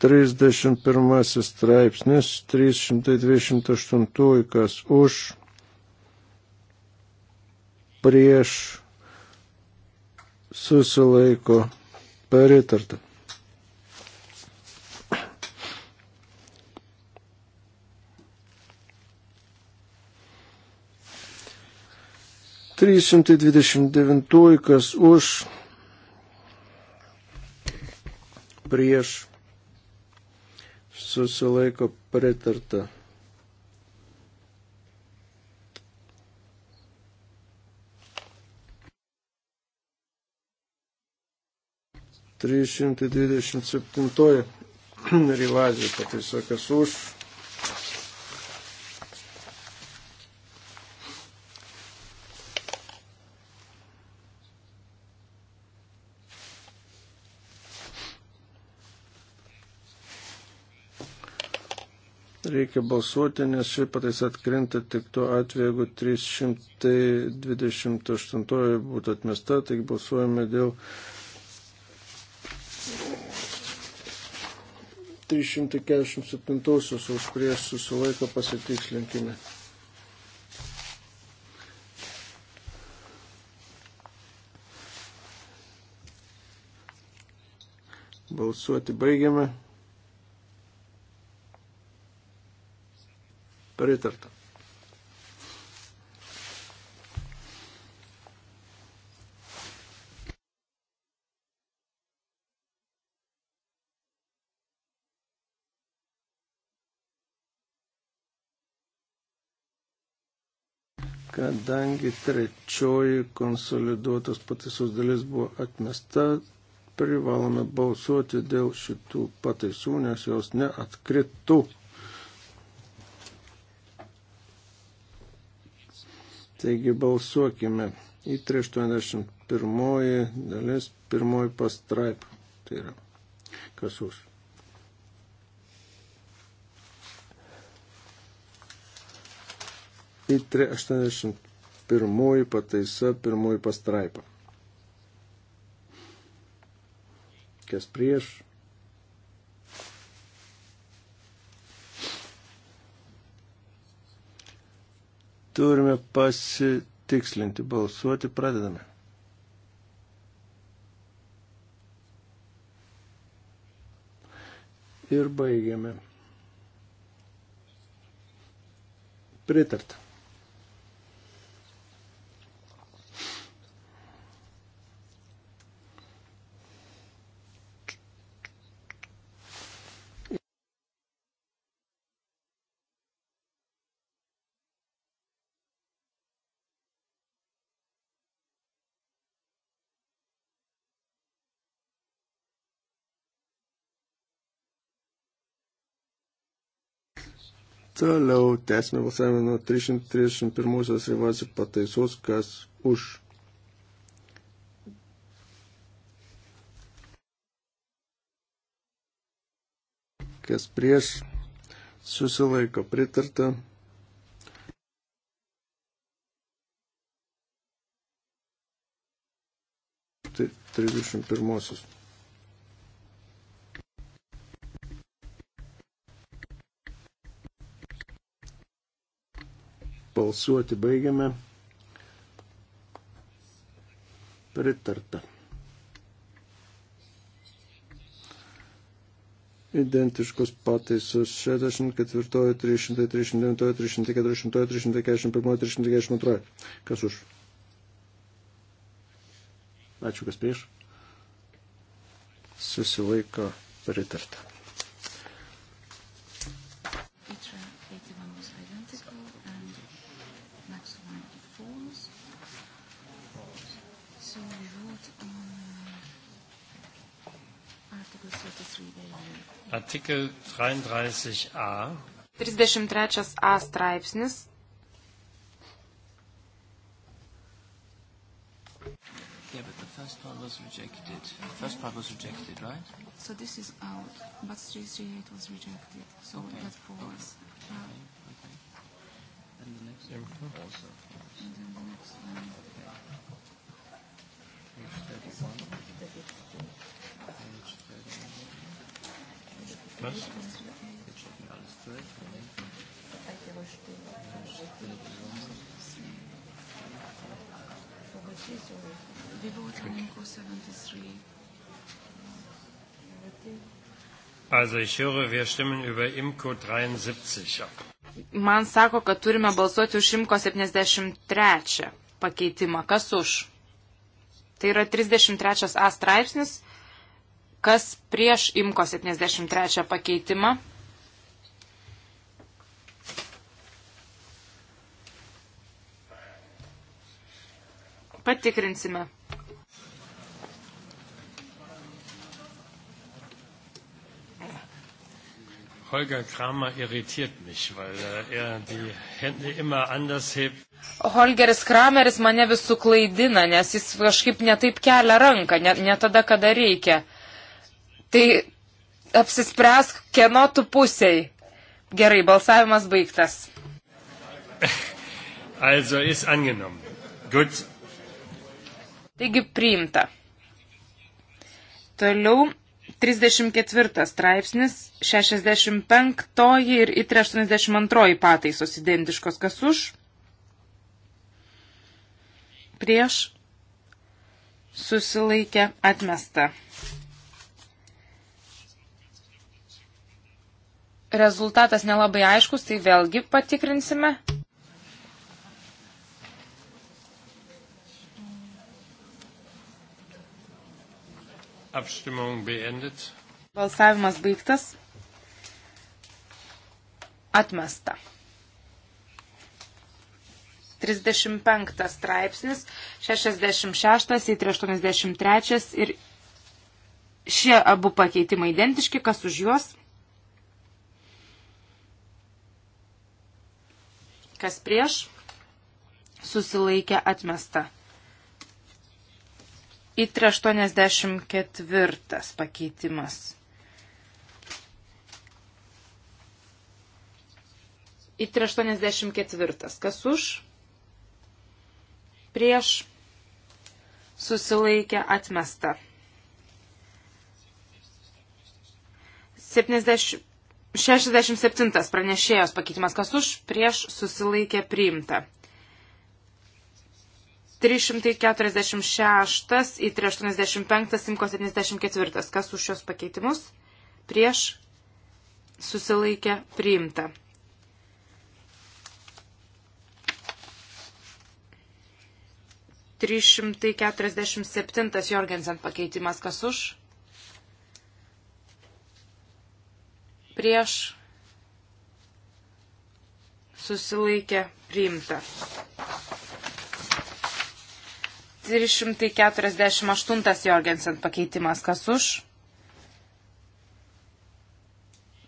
31 straipsnis, 328, kas už, prieš susilaiko pritarta. 329, kas už, prieš, susilaiko pritarta. Trys šimtai dvidešimt septintoji rivazija, kad jis sakas už reikia balsuoti, nes ši pataisa atkrinta tik tuo atveju, jeigu 328 būtų atmesta, taigi balsuojame dėl 347 už prieš susilaiką pasitikslinkime. Balsuoti baigiame. Pritarta. Kadangi trečioji konsoliduotos pataisos dalis buvo atmesta, privalome balsuoti dėl šitų pataisų, nes jos neatkritų. Taigi balsuokime į 381 dalis, pirmoji pastraipą. Tai yra kas už. Į 381 pataisa, pirmoji pastraipa. Kas prieš? Turime pasitikslinti, balsuoti, pradedame. Ir baigiame. Pritarta. Toliau tęsime balsavimą nuo 331 rivasi pataisos, kas už. Kas prieš susilaiko pritarta. Tai 31. Balsuoti baigiame. Pritarta. Identiškos pataisos 64, 339, 340, 341, 342. Kas už? Ačiū, kas prieš. Susilaiko pritarta. Artikel 33a. 33a straipsnis. Yeah, but the first part was rejected. The first part was rejected, right? So this is out, but 338 was rejected. So okay. that falls. Okay. Uh, okay. And the next one also falls. And then the next one. Okay. Was? Also ich höre, wir stimmen über Imco 73 ab. Man sako, kad turime balsuoti už Imco 73 pakeitimą. Kas už? Tai yra 33 A straipsnis, kas prieš imko 73 pakeitimą. Patikrinsime. Holger Kramer irritiert mich, weil äh, er die Hände immer anders hebt. Holgeris Krameris mane vis suklaidina, nes jis kažkaip netaip kelia ranką, ne, ne tada, kada reikia. Tai apsispręsk, kieno tu pusiai. Gerai, balsavimas baigtas. Also ist angenommen. Gut. Taigi priimta. Toliau 34 straipsnis, 65 ir itre 82 pataisos identiškos. Kas už? Prieš susilaikė atmesta. Rezultatas nelabai aiškus, tai vėlgi patikrinsime. Abstimmung beendet. Balsavimas baigtas. Atmesta. 35 straipsnis, 66 į 83 ir šie abu pakeitimai identiški, kas už juos, kas prieš, susilaikė atmesta į 384 pakeitimas. Į 384. Kas už? Prieš susilaikė atmesta. 70, 67 pranešėjos pakeitimas, kas už prieš susilaikė priimta. 346 į 385, Simko 74. Kas už šios pakeitimus? Prieš susilaikė priimta. Trys šimtai keturiasdešimt septintas Jorgensen pakeitimas kas už? Prieš susilaikė priimta. 348 Jorgensen pakeitimas. Kas už?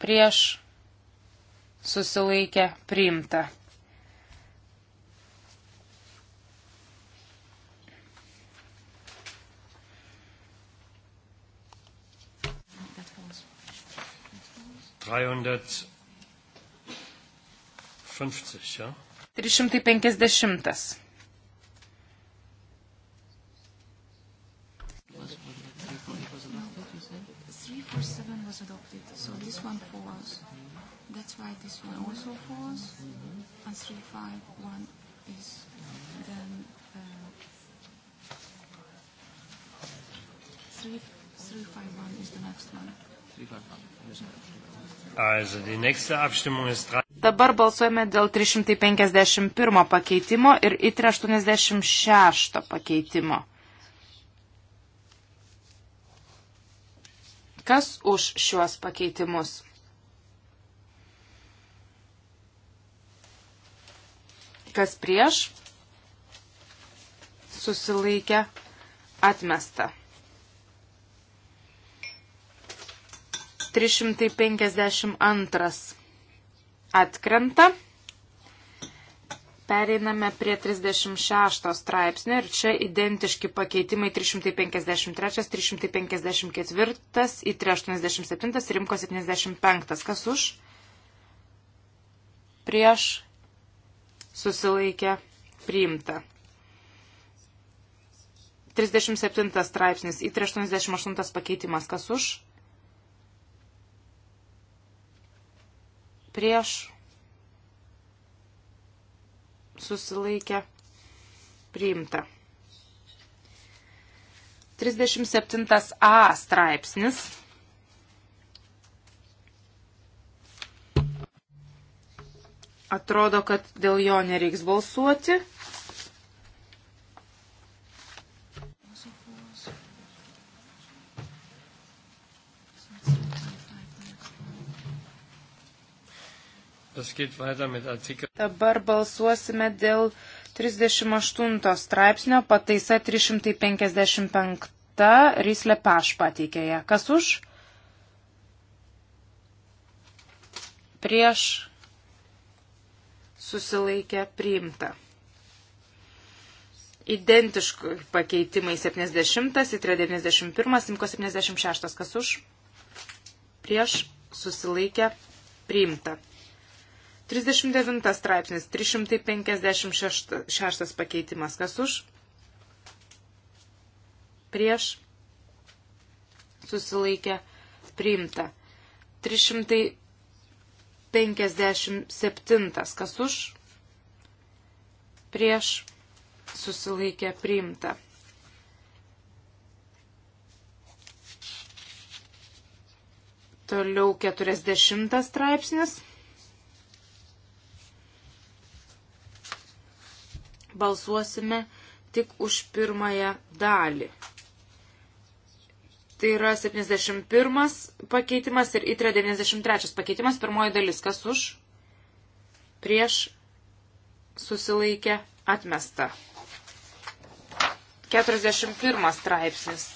Prieš susilaikė priimta. Dreihundertfünfzig, ja? 350. adopted. So this one falls. That's why this one also falls. And 351 is then. Uh, 3, 351 is the next one. Dabar balsuojame dėl 351 pakeitimo ir ITRE 86 pakeitimo. Kas už šiuos pakeitimus? Kas prieš? Susilaikę atmesta. 352 atkrenta. Pereiname prie 36 straipsnio ir čia identiški pakeitimai 353, 354, į 387 ir rimko 75. Kas už? Prieš susilaikė priimta. 37 straipsnis į 388 pakeitimas. Kas už? Prieš susilaikė priimta. 37a straipsnis. Atrodo, kad dėl jo nereiks balsuoti. Dabar balsuosime dėl 38 straipsnio, pataisa 355, Ryslė Paš pateikė ją. Kas už? Prieš susilaikė priimta identiškų pakeitimai 70, įtrė 91, simko 76, kas už, prieš, susilaikę, priimta. 39 straipsnis, 356 pakeitimas. Kas už? Prieš susilaikė priimta. 357. Kas už? Prieš susilaikė priimta. Toliau 40 straipsnis. balsuosime tik už pirmąją dalį. Tai yra 71 pakeitimas ir ITRE 93 pakeitimas, pirmoji dalis, kas už, prieš, susilaikė, atmesta. 41 straipsnis,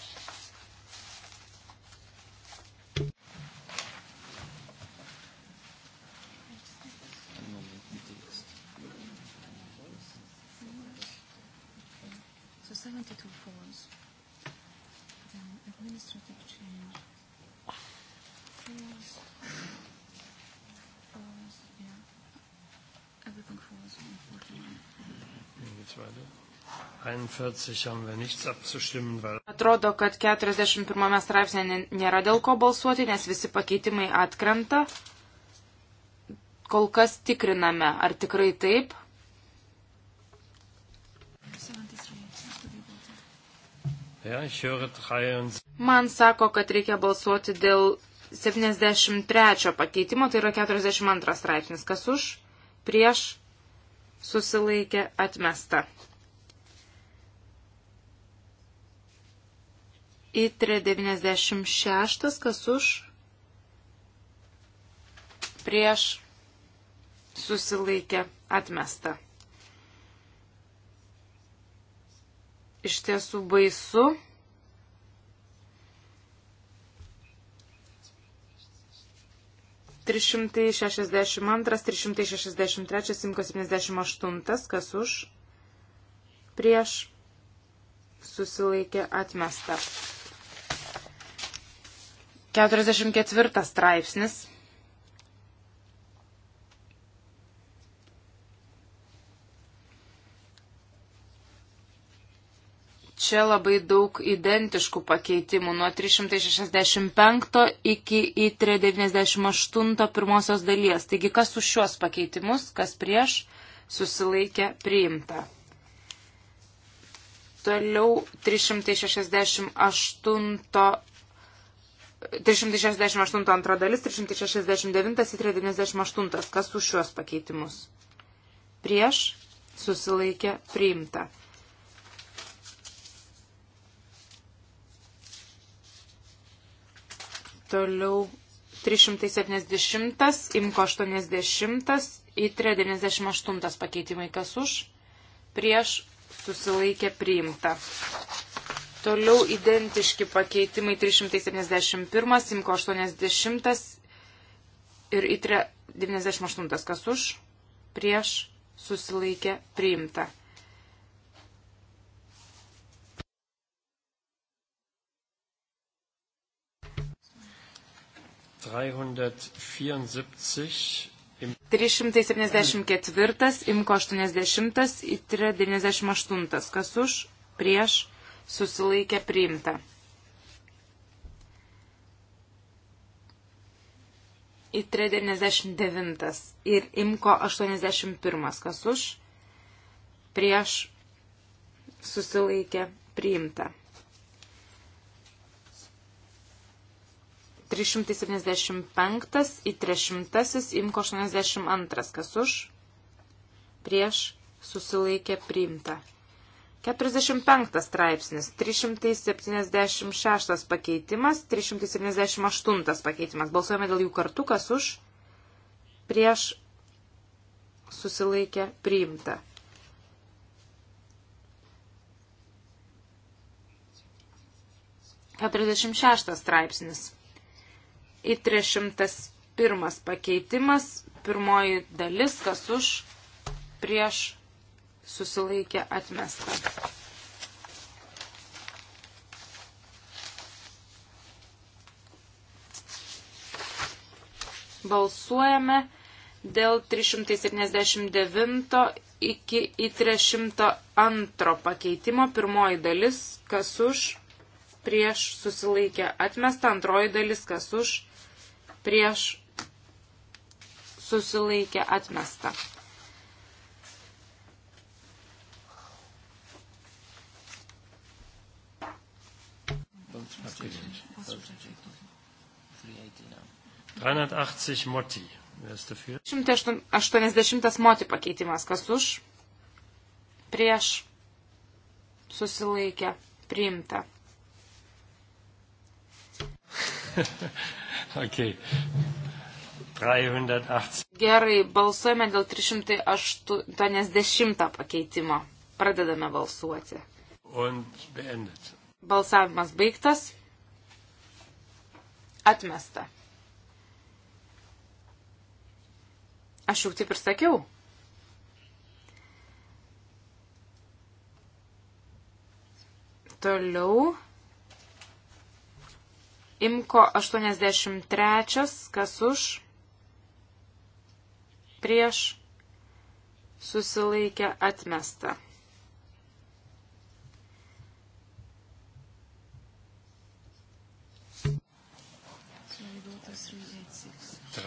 Atrodo, kad 41 straipsnė nėra dėl ko balsuoti, nes visi pakeitimai atkrenta. Kol kas tikriname, ar tikrai taip. Man sako, kad reikia balsuoti dėl 73 pakeitimo, tai yra 42 straipsnis. Kas už, prieš, susilaikė, atmesta. į 396, kas už, prieš, susilaikė, atmesta. Iš tiesų baisu. Tris šimtai šešiasdešimt antras, tris šimtai šešiasdešimt trečias, simkas septyniasdešimt aštuntas, kas už, prieš, susilaikė atmesta. 44 straipsnis. Čia labai daug identiškų pakeitimų nuo 365 iki į 398 pirmosios dalies. Taigi, kas už šios pakeitimus, kas prieš, susilaikė priimta. Toliau 368 368 antra dalis, 369 ir 398. Kas už šiuos pakeitimus? Prieš susilaikė priimta. Toliau 370, imko 80, į 398 pakeitimai kas už, prieš susilaikė priimta. Toliau identiški pakeitimai 371, Simko 80 ir ITRE 98, kas už, prieš, susilaikė, priimta. Im... 374, imko 80, itre 98, kas už, prieš, susilaikė priimta. Į 99 ir imko 81, kas už, prieš susilaikė priimta. 375 į 300 imko 82, kas už, prieš susilaikė priimta. 45 straipsnis, 376 pakeitimas, 378 pakeitimas. Balsuojame dėl jų kartu, kas už, prieš, susilaikė, priimta. Keturiasdešimt šeštas straipsnis. Į 301 pakeitimas, pirmoji dalis, kas už, prieš, susilaikė atmesta. Balsuojame dėl 379 iki į 302 pakeitimo pirmoji dalis, kas už, prieš susilaikė atmesta, antroji dalis, kas už, prieš susilaikė atmesta. Abgelehnt. 380 Moti. Wer ist dafür? 180 Moti pakeitimas. Kas už? Prieš. Susilaikė. Priimta. okay. 380. Gerai, balsuojame dėl 380 pakeitimo. Pradedame balsuoti. Und beendet. Balsavimas baigtas. Atmesta. Aš jau taip ir sakiau. Toliau. Imko 83, kas už, prieš, susilaikė atmesta. 386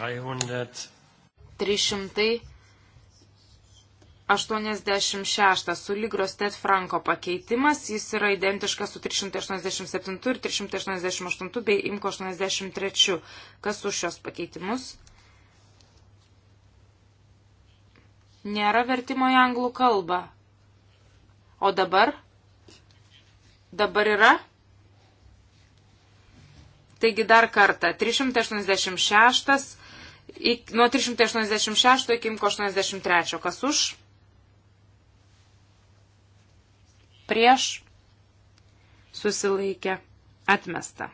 suligros Ted Franko pakeitimas, jis yra identiškas su 387 ir 388 bei Imko 83. Kas už šios pakeitimus? Nėra vertimo į anglų kalbą. O dabar? Dabar yra? Taigi dar kartą. 386, Ik, nuo 386 iki 83. Kas už? Prieš susilaikė atmesta.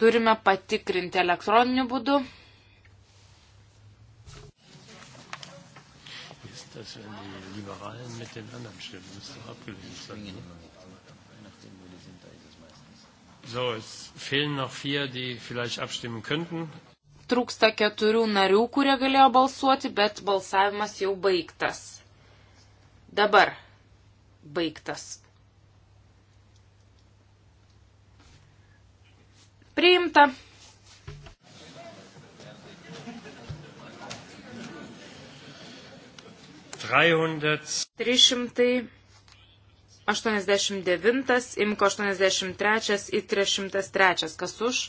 Turime patikrinti elektroniniu būdu. dass wenn die Liberalen mit den anderen stimmen, müsste abgelehnt sein. So, es fehlen noch vier, die vielleicht abstimmen könnten. Trūksta keturių narių, kurie galėjo balsuoti, bet balsavimas jau baigtas. Dabar baigtas. Priimta. Trišimtai. 300... 89, imko 83 į 303. Kas už?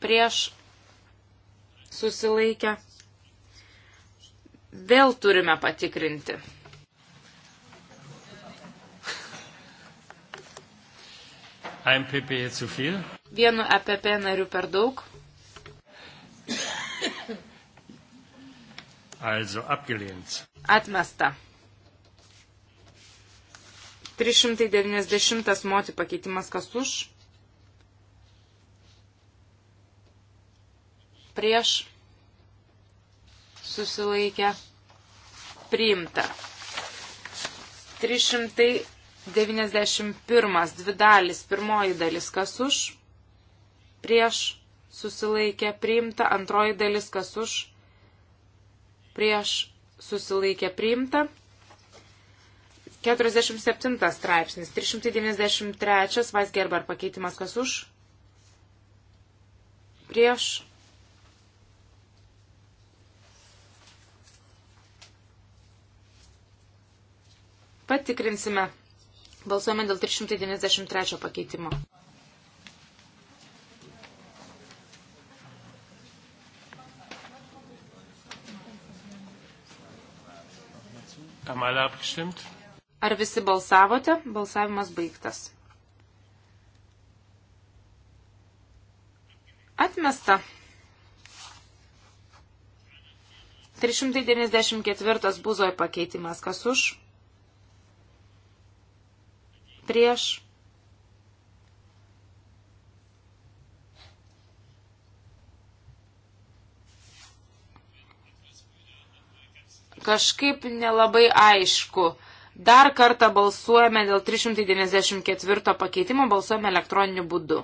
Prieš susilaikę. Vėl turime patikrinti. Vienu EPP nariu per daug. also abgelehnt. Atmesta. 390 moti pakeitimas kas už. Prieš susilaikę priimta. 391 dvi dalis, pirmoji dalis kas už. Prieš susilaikę priimta, antroji dalis kas už prieš susilaikė priimta. 47 straipsnis, 393 Vaisgerber pakeitimas kas už, prieš Patikrinsime. Balsuojame dėl 393 pakeitimo. Haben alle abgestimmt? Ar visi balsavote? Balsavimas baigtas. Atmesta. 394 buzoj pakeitimas. Kas už? Prieš kažkaip nelabai aišku. Dar kartą balsuojame dėl 394 pakeitimo, balsuojame elektroniniu būdu.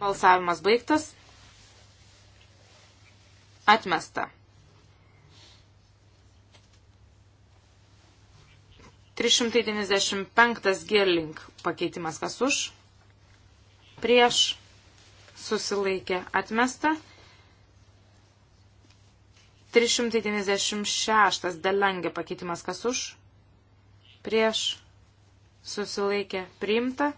Balsavimas baigtas. Atmesta. 395 gėlink pakeitimas kas už, prieš susilaikė atmesta. 396 delengė pakeitimas kas už, prieš susilaikė priimta.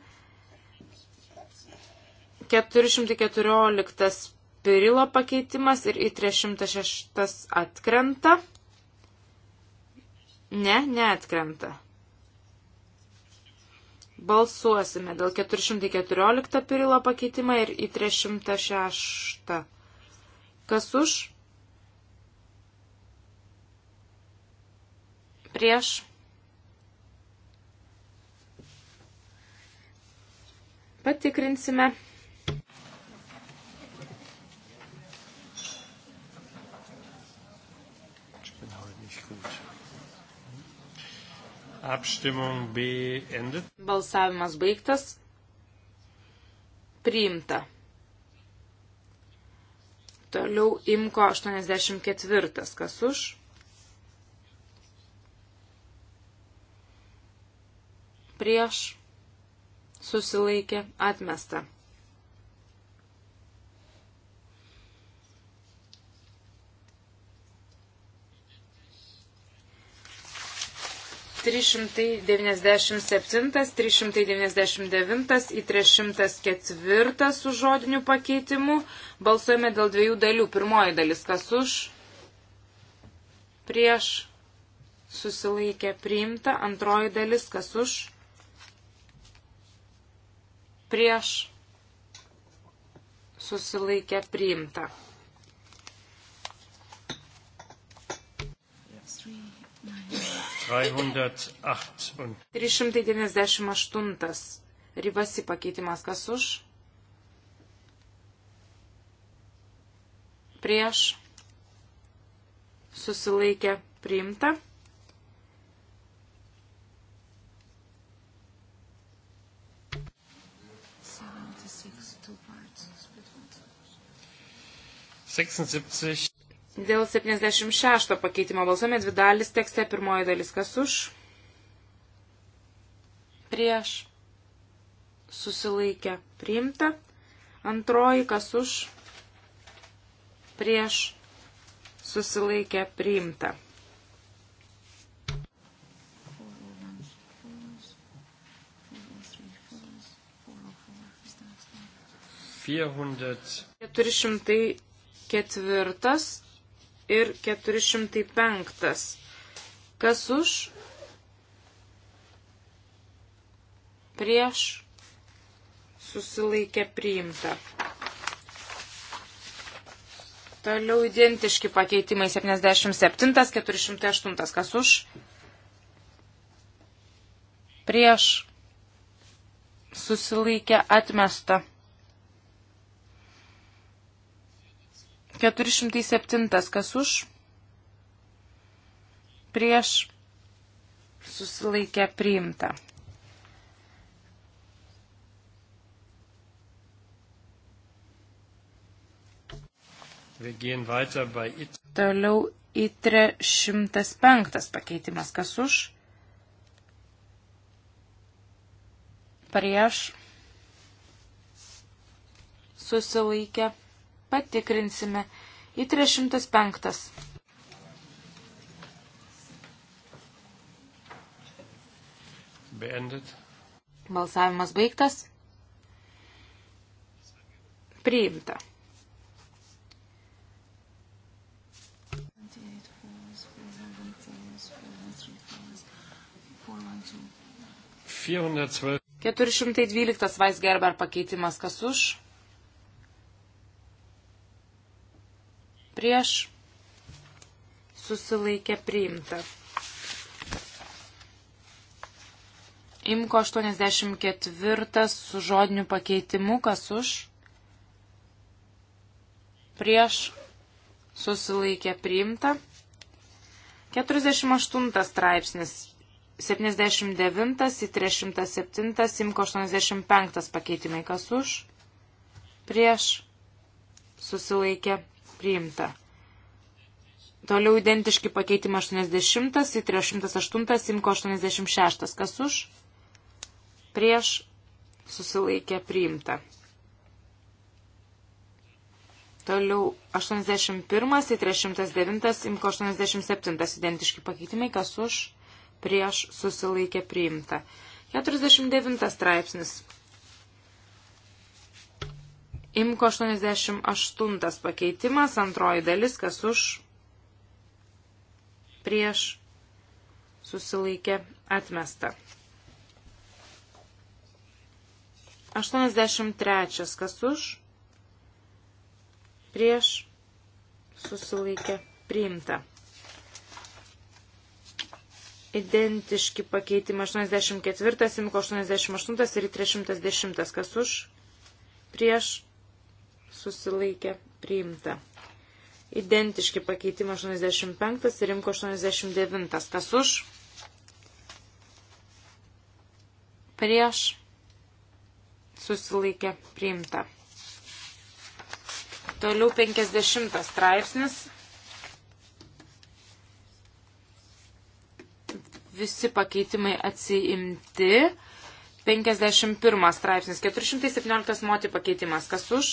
414 pirilo pakeitimas ir į 306 atkrenta. Ne, neatkrenta. Balsuosime dėl 414 pirilo pakeitimą ir į 306. Kas už? Prieš. Patikrinsime. Abstimmung beendet. Balsavimas baigtas. Priimta. Toliau imko 84. Kas už? Prieš. Susilaikė. Atmesta. 397, 399 į 304 su žodiniu pakeitimu. Balsuojame dėl dviejų dalių. Pirmoji dalis kas už, prieš, susilaikė priimta. Antroji dalis kas už, prieš, susilaikė priimta. 398. Ribasi pakeitimas kas už? Prieš susilaikė priimta. Sechsundsiebzig. Dėl 76 pakeitimo balsuojame dvi dalis tekste, pirmoji dalis kas už, prieš, susilaikę, priimta, antroji kas už, prieš, susilaikę, priimta. Vierhundert. 404 ir 405. Kas už? Prieš susilaikė priimta. Toliau identiški pakeitimai 77, 408, kas už, prieš, susilaikė, atmesta. 407. Kas už? Prieš susilaikę priimta. Toliau įtre 105 pakeitimas. Kas už? Prieš susilaikę. Patikrinsime. Į 305. Beendet. Balsavimas baigtas. Priimta. Keturišimtai dvyliktas Vaisgerber pakeitimas kas už? prieš susilaikė priimta. Imko 84 su žodiniu pakeitimu, kas už, prieš susilaikė priimta. 48 straipsnis 79 į 307 Simko 85 pakeitimai kas už, prieš susilaikė priimta. Toliau identiški pakeitimai 80, į 308, imko 86. Kas už? Prieš susilaikė priimta. Toliau 81, į 309, imko 87. Identiški pakeitimai, kas už? Prieš susilaikė priimta. 49 straipsnis. Imko 88 pakeitimas, antroji dalis, kas už, prieš, susilaikė, atmesta. 83, kas už, prieš, susilaikė, priimta. Identiški pakeitimai 84, Imko 88 ir 310, kas už, prieš, susilaikė priimta. Identiški pakeitimai 85 ir rimko 89. Kas už? Prieš susilaikė priimta. Toliau 50 straipsnis. Visi pakeitimai atsiimti. 51 straipsnis. 417 moti pakeitimas. Kas už?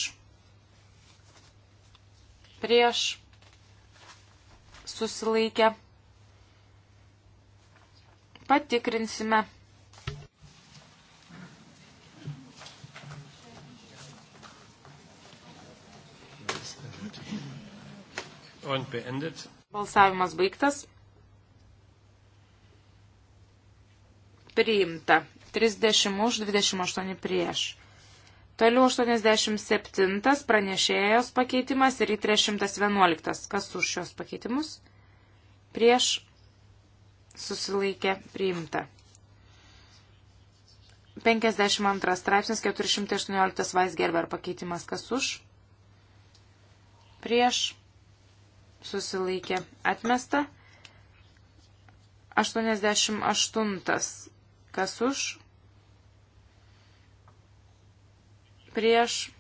prieš susilaikę. Patikrinsime. Balsavimas baigtas. Priimta. 30 už, 28 prieš. Toliau 87 pranešėjos pakeitimas ir į 311. Kas už šios pakeitimus? Prieš susilaikė priimta. 52 straipsnis 418 Vaisgerber pakeitimas. Kas už? Prieš susilaikė atmesta. 88. Kas už? prieš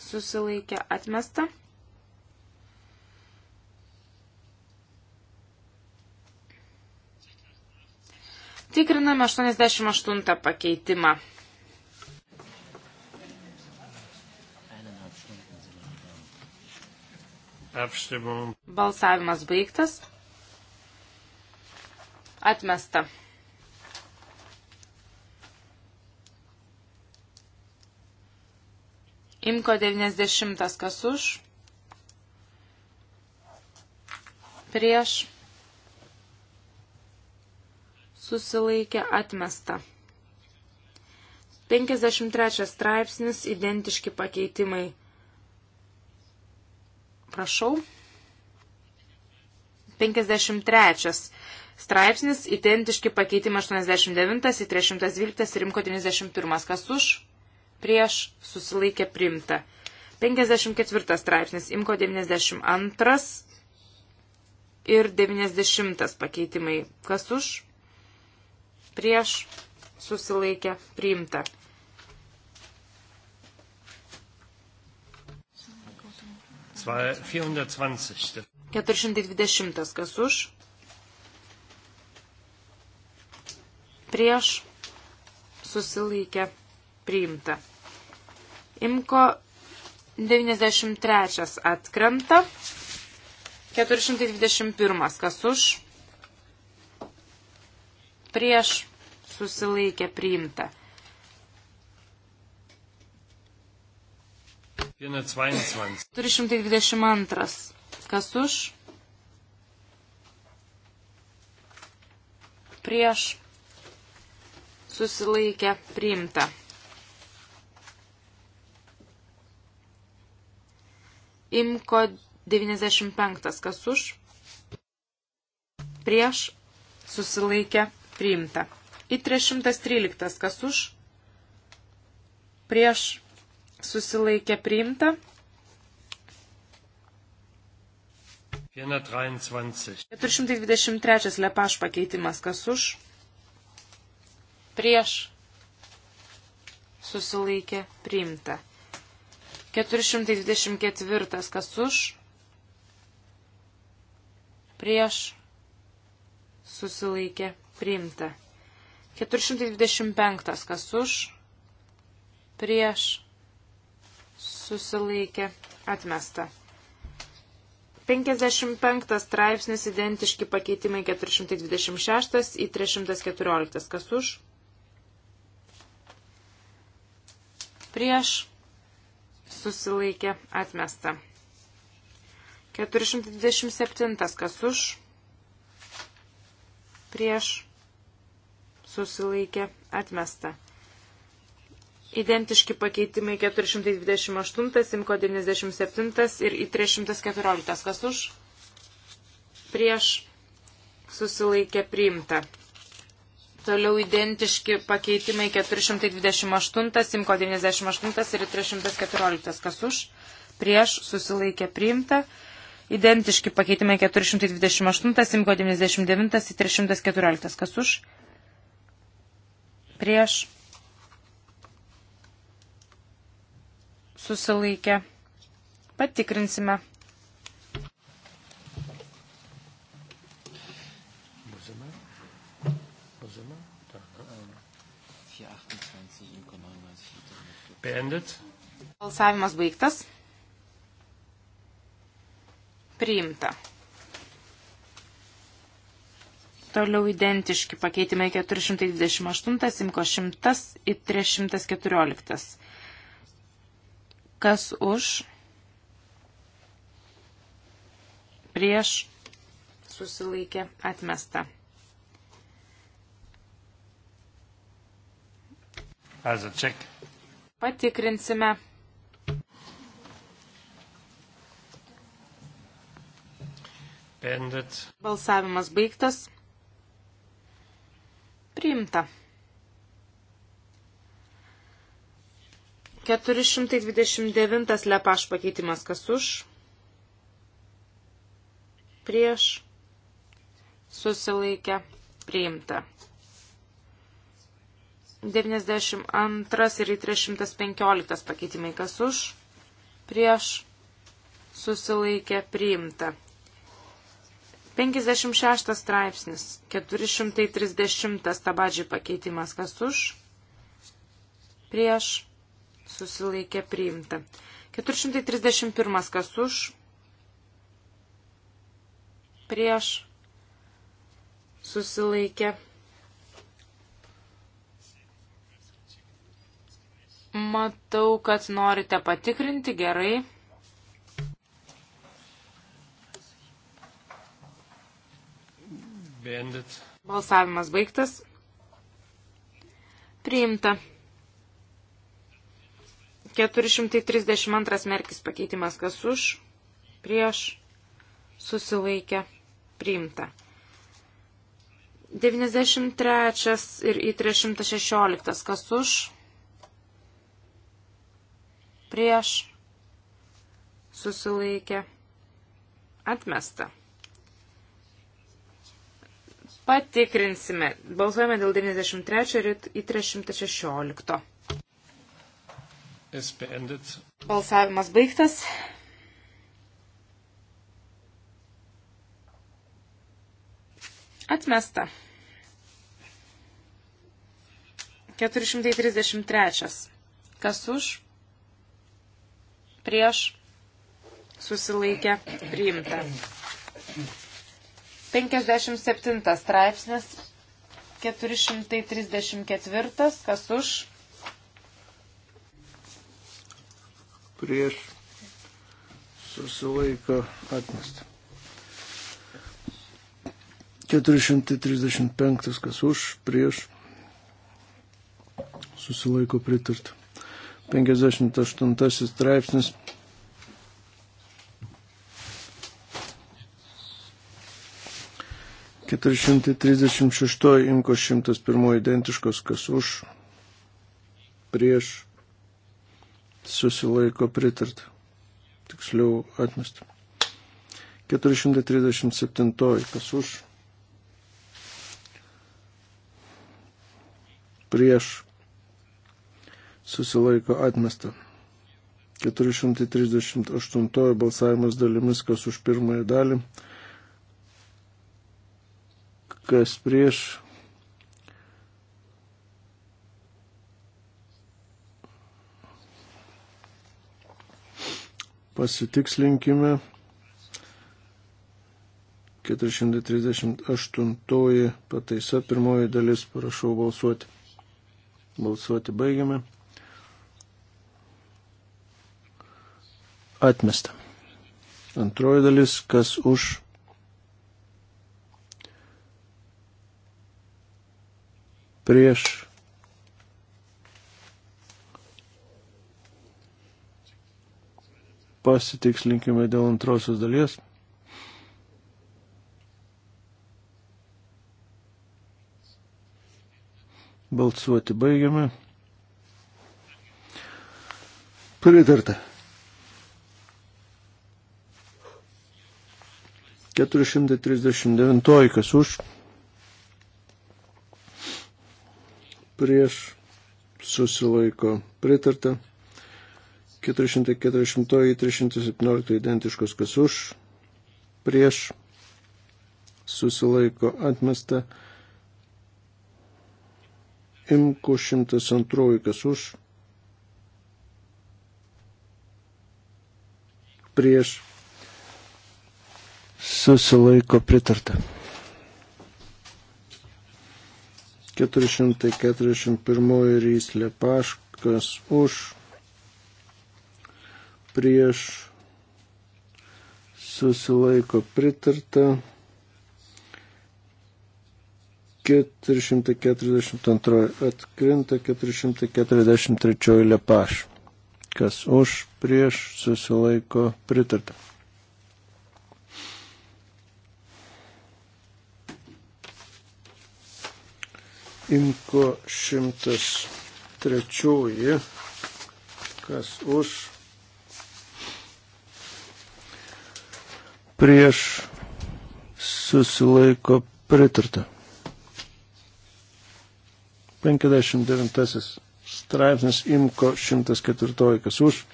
susilaikę atmestą. Tikriname 88 pakeitimą. Balsavimas baigtas. Atmesta. Imko 90 kas už, prieš, susilaikė atmesta. 53 straipsnis, identiški pakeitimai. Prašau. 53 straipsnis, identiški pakeitimai 89 ir 312 ir rimko 91. Kas už? prieš susilaikė primta. 54 straipsnis, imko 92 ir 90 pakeitimai. Kas už? Prieš susilaikė priimta. Zwei, 420. 420 kas už? Prieš susilaikė priimta. Imko 93 atkrenta. 421 kas už. Prieš susilaikė priimta. 422 kas už. Prieš susilaikė priimta. Imko 95. Kas už? Prieš susilaikė priimta. Į 313. Kas už? Prieš susilaikė priimta. 423. 423 lepaš pakeitimas. Kas už? Prieš susilaikė priimta. 424 kas už, prieš, susilaikė, priimta. 425 kas už, prieš, susilaikė, atmesta. 55 straipsnis identiški pakeitimai 426 į 314 kas už, prieš, susilaikė atmesta. 427 kas už, prieš, susilaikė atmesta. Identiški pakeitimai 428, Simko 97 ir į 314 kas už, prieš, susilaikė priimta. Toliau identiški pakeitimai 428, Simko 98 ir 314. Kas už? Prieš susilaikė priimta. Identiški pakeitimai 428, Simko 99 ir 314. Kas už? Prieš susilaikė. Patikrinsime. beendet. Balsavimas baigtas. Priimta. Toliau identiški pakeitimai 428, Simko 100 ir 314. Kas už? Prieš susilaikė atmesta. Also check. Patikrinsime. Bendit. Balsavimas baigtas. Priimta. 429 lepaš pakeitimas kas už, prieš, susilaikę, priimta. 92 ir 315 pakeitimai, kas už, prieš, susilaikė, priimta. 56 straipsnis, 430 tabadžiai pakeitimas, kas už, prieš, susilaikė, priimta. 431 kas už, prieš, susilaikė, priimta Matau, kad norite patikrinti gerai. Bandit. Balsavimas baigtas. Priimta. 432 merkis pakeitimas kas už, prieš, susilaikė, priimta. 93 ir į 316 kas už, prieš susilaikė atmesta. Patikrinsime. Balsuojame dėl 93 ir į 316. Balsavimas baigtas. Atmesta. 433. Kas už? prieš susilaikę priimta. 57 straipsnis 434, kas už prieš susilaiko atmestą. 435, kas už prieš susilaiko pritartą. 58 straipsnis. Keturišimtai trisdešimt šeštoji imko šimtas pirmoji identiškos, kas už, prieš, susilaiko pritarta, tiksliau atmesta. 437, kas už, prieš, susilaiko atmesta. 438 balsavimas dalimis, kas už pirmąją dalį, kas prieš. Pasitikslinkime. 438 pataisa, pirmoji dalis, prašau balsuoti. Balsuoti baigiame. Atmesta. Antroji dalis, kas už. Prieš. Pasitikslinkime dėl antrosios dalies. Balsuoti baigiame. Pritarta. 439, kas už, prieš susilaiko pritarta. 440, 317 identiškos, kas už, prieš susilaiko atmesta. Imku 102, kas už, prieš susilaiko pritarta. 441 ryslė paškas už, prieš susilaiko pritarta. 442 atkrinta 443 lepaš. Kas už, prieš, susilaiko, pritarta. Imko 103. Kas už? Prieš susilaiko pritarta. 59 straipsnis Imko 104, kas už,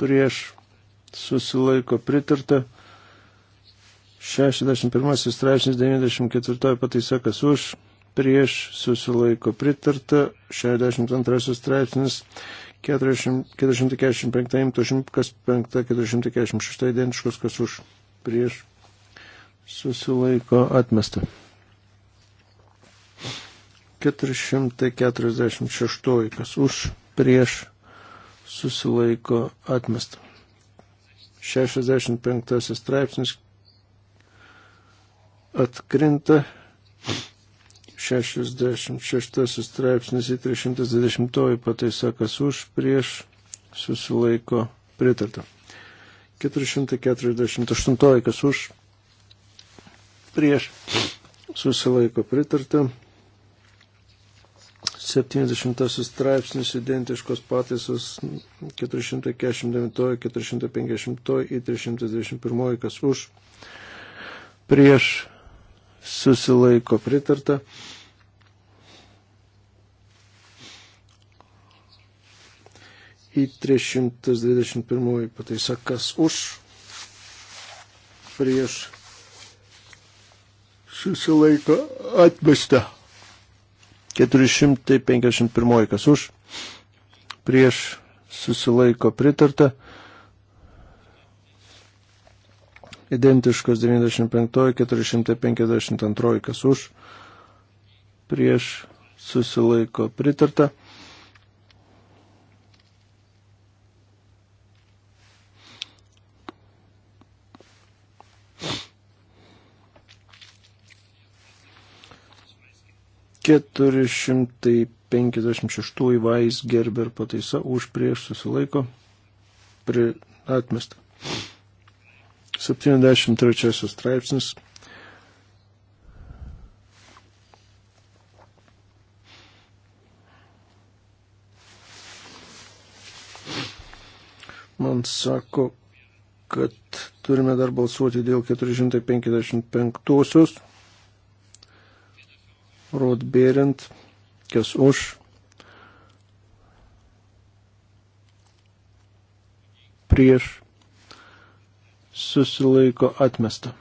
prieš susilaiko pritarta, 61 straipsnis 94 pataisa, kas už, prieš susilaiko pritarta, 62 straipsnis 445, 105, 446 identiškus, kas už, prieš susilaiko atmesta. 446, kas už, prieš susilaiko atmesta. 65 straipsnis atkrinta. 66 straipsnis į 320 pataisa, kas už, prieš, susilaiko, pritarta. 448, kas už, prieš, susilaiko, pritarta. 70 straipsnis identiškos pataisos 449, 450 ir 321, kas už, prieš susilaiko pritarta. Į 321 pataisa, kas už, prieš, susilaiko atmesta. 451 kas už, prieš, susilaiko pritarta. identiškos 95-452, kas už, prieš susilaiko pritarta. Keturi šimtai 56 Vais Gerber pataisa už prieš susilaiko pri atmestą. 73 straipsnis. Man sako, kad turime dar balsuoti dėl 455-osios. Rodbėrint, kas už, prieš susilaiko atmesta.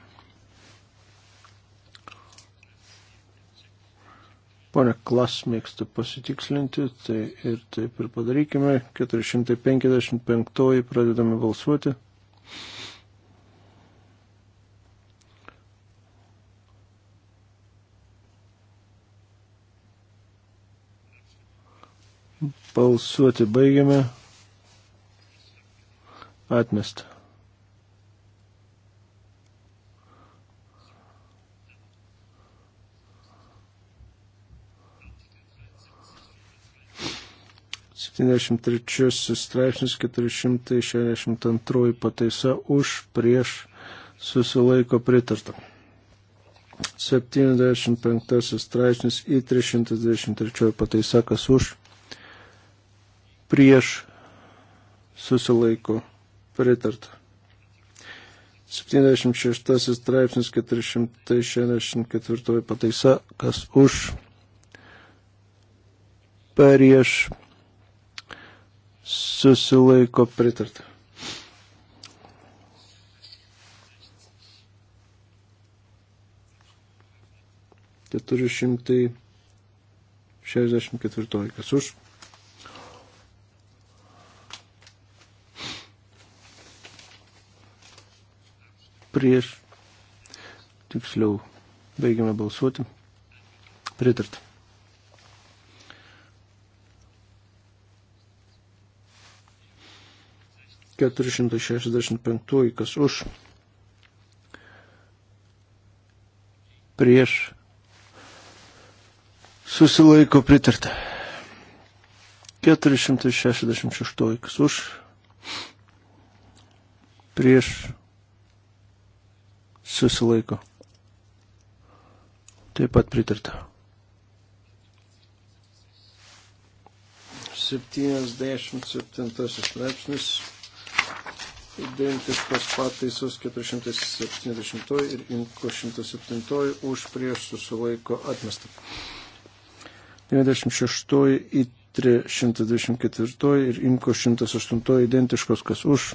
Pone Klas mėgsta pasitikslinti, tai ir taip ir padarykime. 455 pradedame balsuoti. Balsuoti baigiame. Atmesta. 73 straipsnis 462 pataisa už prieš susilaiko pritarta. 75 straipsnis į 323 pataisa kas už prieš susilaiko pritarta. 76 straipsnis 464 pataisa, kas už, prieš, susilaiko pritarta. Keturi šimtai šešdešimt ketvirtoji, kas už. Prieš, tiksliau, baigiame balsuoti. Pritarta. 465, kas už, prieš, susilaiko pritarta. 466, kas už, prieš, susilaiko. Taip pat pritarta. 77 straipsnis Identiškos pataisos 470 ir 107 už prieš susilaiko atmestą. 96 į 324 ir imko 108 identiškos, kas už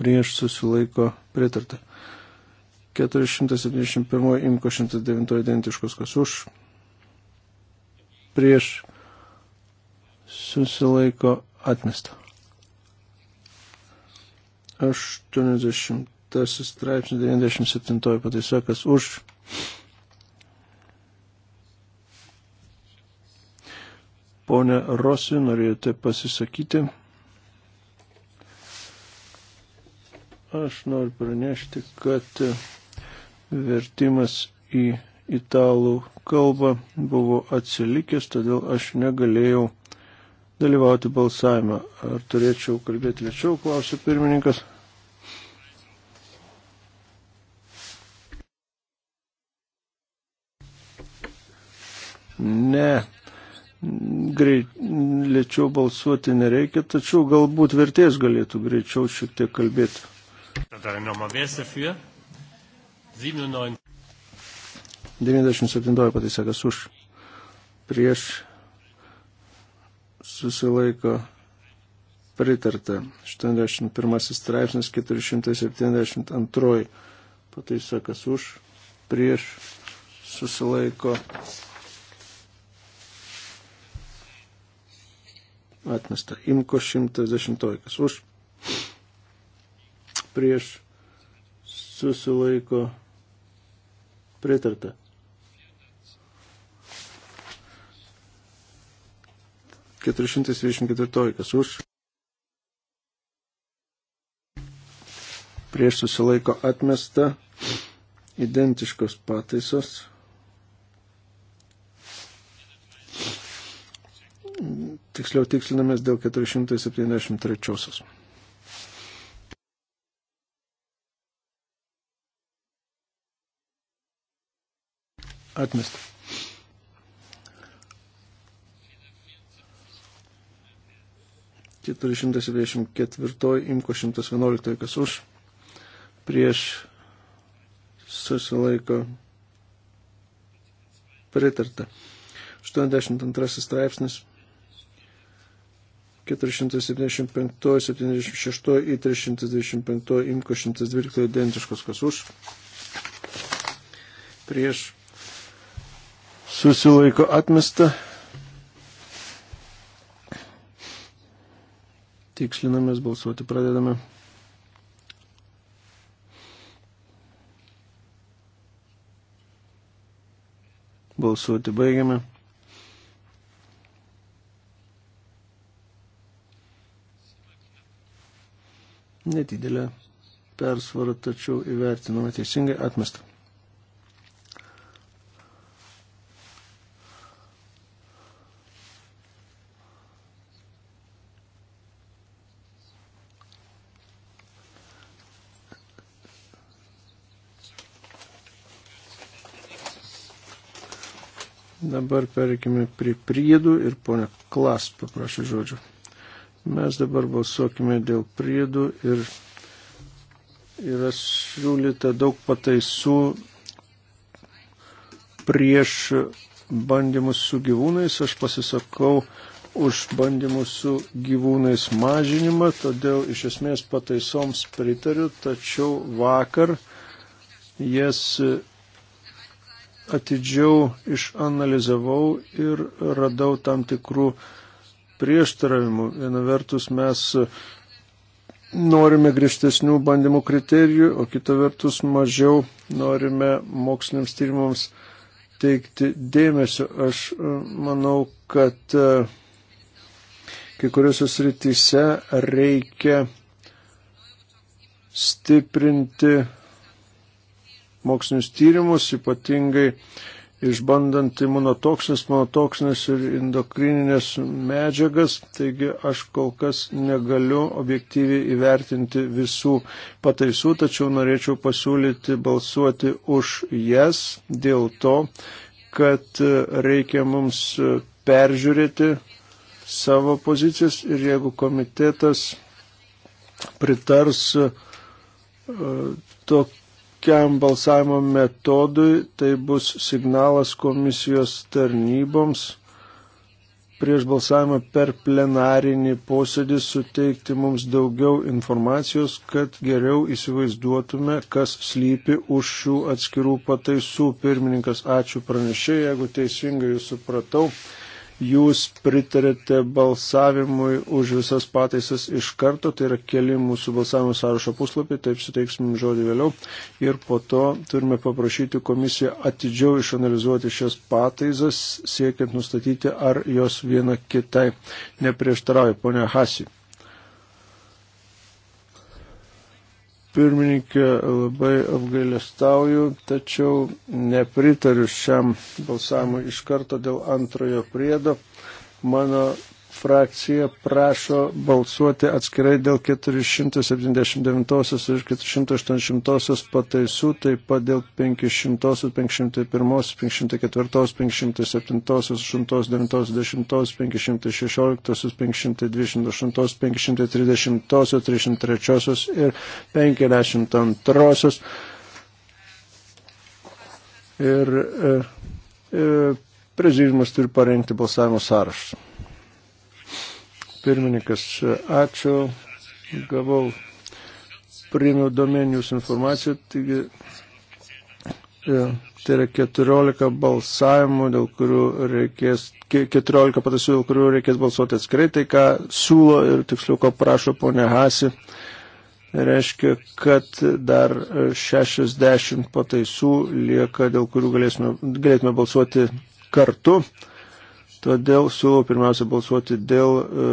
prieš susilaiko pritarta. 471 imko 109 identiškos, kas už prieš susilaiko atmesta. 80 straipsnis 97 pataisa, kas už. Pone Rosi, norėjote pasisakyti? Aš noriu pranešti, kad vertimas į italų kalbą buvo atsilikęs, todėl aš negalėjau dalyvauti balsavime. Ar turėčiau kalbėti lėčiau, klausė pirmininkas. ne, greit, lėčiau balsuoti nereikia, tačiau galbūt vertės galėtų greičiau šiek tiek kalbėti. Tada nochmal, wer ist dafür? 97. 97 pataisa, kas už. Prieš susilaiko pritarta. 81 straipsnis 472 pataisa, kas už. Prieš susilaiko pritarta atmesta. Imko 110, kas už, prieš susilaiko pritarta. Keturišimtas dvidešimt ketvirtojikas už. Prieš susilaiko atmesta identiškos pataisos. tiksliau tikslinamės dėl 473. Atmesta. Keturišimtas dvidešimt ketvirtoj, imko šimtas vienuoliktoj, kas už, prieš susilaiko pritarta. 82 straipsnis 475, 76 į 325, imko 112 identiškos, kas už. Prieš susilaiko atmesta. Tikslinamės balsuoti, pradedame. Balsuoti baigiame. nedidelę persvarą, tačiau įvertinama teisingai atmesta. Dabar pereikime prie priedų ir ponia Klas paprašė žodžio. Mes dabar balsuokime dėl priedų ir yra siūlyta daug pataisų prieš bandymus su gyvūnais. Aš pasisakau už bandymus su gyvūnais mažinimą, todėl iš esmės pataisoms pritariu, tačiau vakar jas atidžiau išanalizavau ir radau tam tikrų uh, prieštaravimų. Viena vertus mes norime griežtesnių bandymų kriterijų, o kita vertus mažiau norime moksliniams tyrimams teikti dėmesio. Aš e, manau, kad e, kai kuriuose srityse reikia stiprinti mokslinius tyrimus, ypatingai išbandant imunotoksinis, monotoksinis ir endokrininės medžiagas, taigi aš kol kas negaliu objektyviai įvertinti visų pataisų, tačiau norėčiau pasiūlyti balsuoti už jas dėl to, kad reikia mums peržiūrėti savo pozicijas ir jeigu komitetas pritars e, tokiu tokiam balsavimo metodui tai bus signalas komisijos tarnyboms prieš balsavimą per plenarinį posėdį suteikti mums daugiau informacijos, kad geriau įsivaizduotume, kas slypi už šių atskirų pataisų. Pirmininkas, ačiū pranešėjai, jeigu teisingai jūs supratau jūs pritarėte balsavimui už visas pataisas iš karto, tai yra keli mūsų balsavimo sąrašo puslapiai, taip suteiksim žodį vėliau. Ir po to turime paprašyti komisiją atidžiau išanalizuoti šias pataisas, siekiant nustatyti, ar jos viena kitai neprieštarauja. Pone Hasi. pirmininkė, labai apgailestauju, tačiau nepritariu šiam balsavimui iš karto dėl antrojo priedo. Mano frakcija prašo balsuoti atskirai dėl 479 ir 480 pataisų, taip pat dėl 500, 501, 504, 507, 8, 9, 10, 516, 528, 530, 303 ir 52. Ir e, e, prezidiumas turi parengti balsavimo sąrašus. Pirmininkas, ačiū. Gavau priėmiau domenius informaciją, taigi e, tai yra 14 balsavimų, dėl kurių reikės, 14 pataisų, dėl kurių reikės balsuoti atskirai, tai ką siūlo ir tiksliau, ko prašo ponė Hasi reiškia, kad dar 60 pataisų lieka, dėl kurių galėsime, galėtume balsuoti kartu. Todėl siūlau pirmiausia balsuoti dėl e,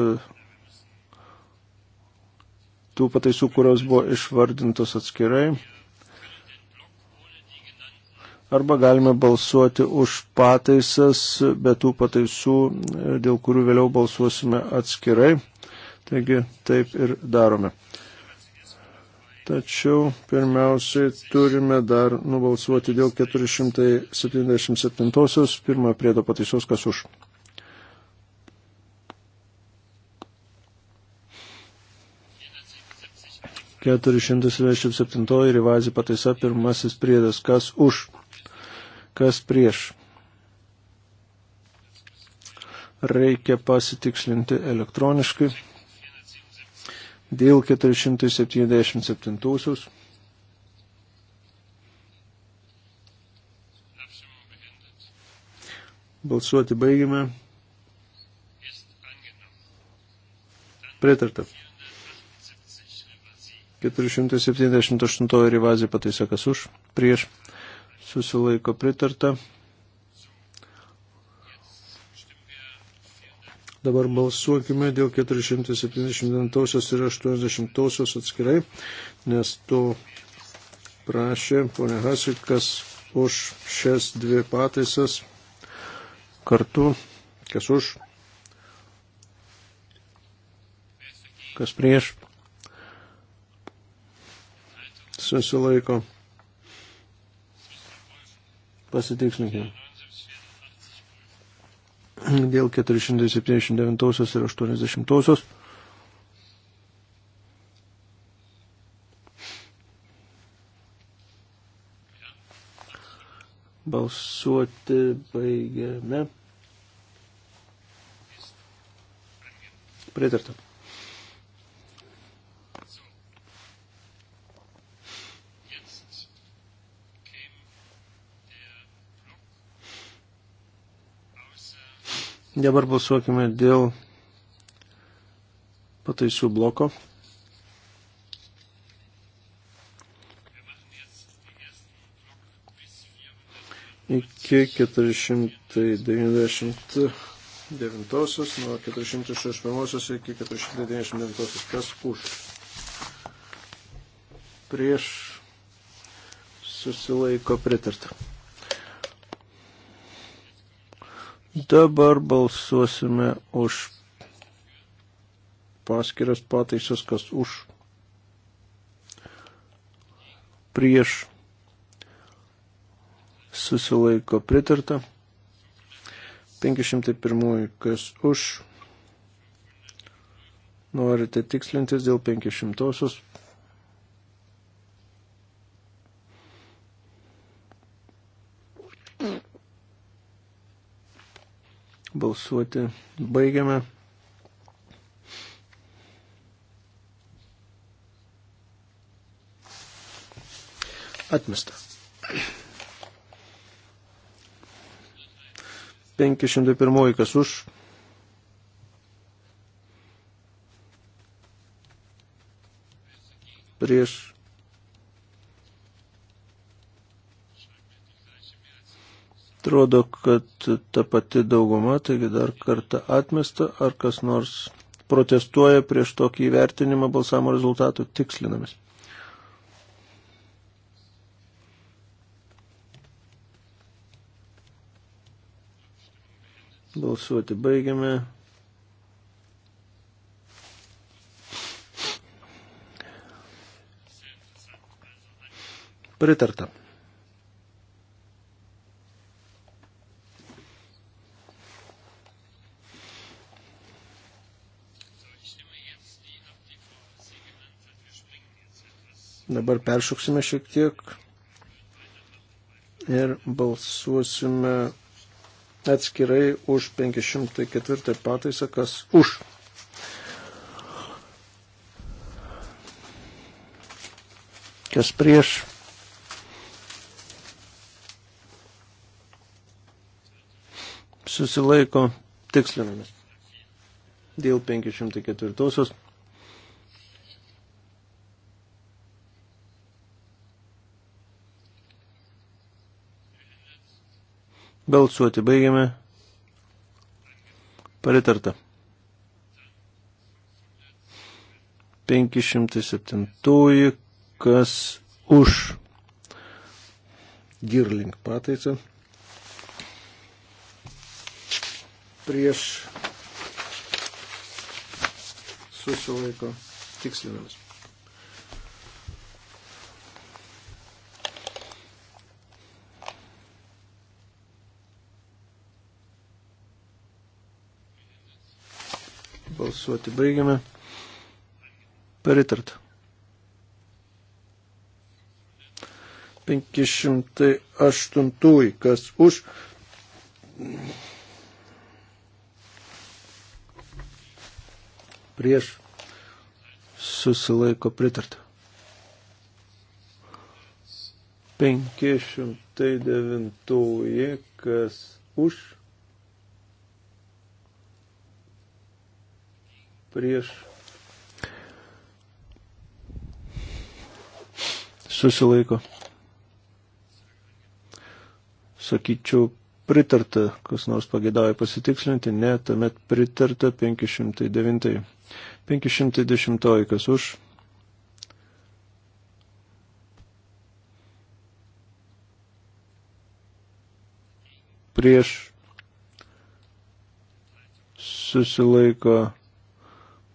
tų pataisų, kurios buvo išvardintos atskirai. Arba galime balsuoti už pataisas, bet tų pataisų, e, dėl kurių vėliau balsuosime atskirai. Taigi taip ir darome. Tačiau pirmiausiai turime dar nubalsuoti dėl 477 pirmojo priedo pataisos, kas už. 427 rivazė pataisa pirmasis priedas. Kas už? Kas prieš? Reikia pasitikslinti elektroniškai. Dėl 477. Balsuoti baigime. Pritarta. 478 rivazė pataisa kas už, prieš, susilaiko pritarta. Dabar balsuokime dėl 479 ir 80 atskirai, nes to prašė ponė Hasikas už šias dvi pataisas kartu, kas už, kas prieš, susilaiko. Pasitikslinkime. Dėl 479 ir 80. Balsuoti baigiame. Pritartam. Dabar balsuokime dėl pataisų bloko. Iki 499 nuo 461 iki 499 kas už. Prieš susilaiko pritartą. Dabar balsuosime už paskiras pataisas, kas už prieš susilaiko pritarta. 501, kas už. Norite tikslintis dėl 500. Balsuoti baigiame. Atmesta. 501 kas už. Prieš Atrodo, kad ta pati dauguma, taigi dar kartą atmesta, ar kas nors protestuoja prieš tokį įvertinimą balsavimo rezultatų tikslinamis. Balsuoti baigiame. Pritarta. Dabar peršoksime šiek tiek ir balsuosime atskirai už 504 pataisą, kas už. Kas prieš. Susilaiko tikslinamės. Dėl 504. Balsuoti baigiame. Paritarta. 507. Kas už girlink pataisą. Prieš susilaiko tikslinams. Balsuoti baigiame. Paritarta. 508, kas už. Prieš susilaiko pritarta. 509, kas už prieš susilaiko. Sakyčiau, pritarta, kas nors pagėdavo pasitikslinti, ne, tuomet pritarta 509. 510, kas už. Prieš susilaiko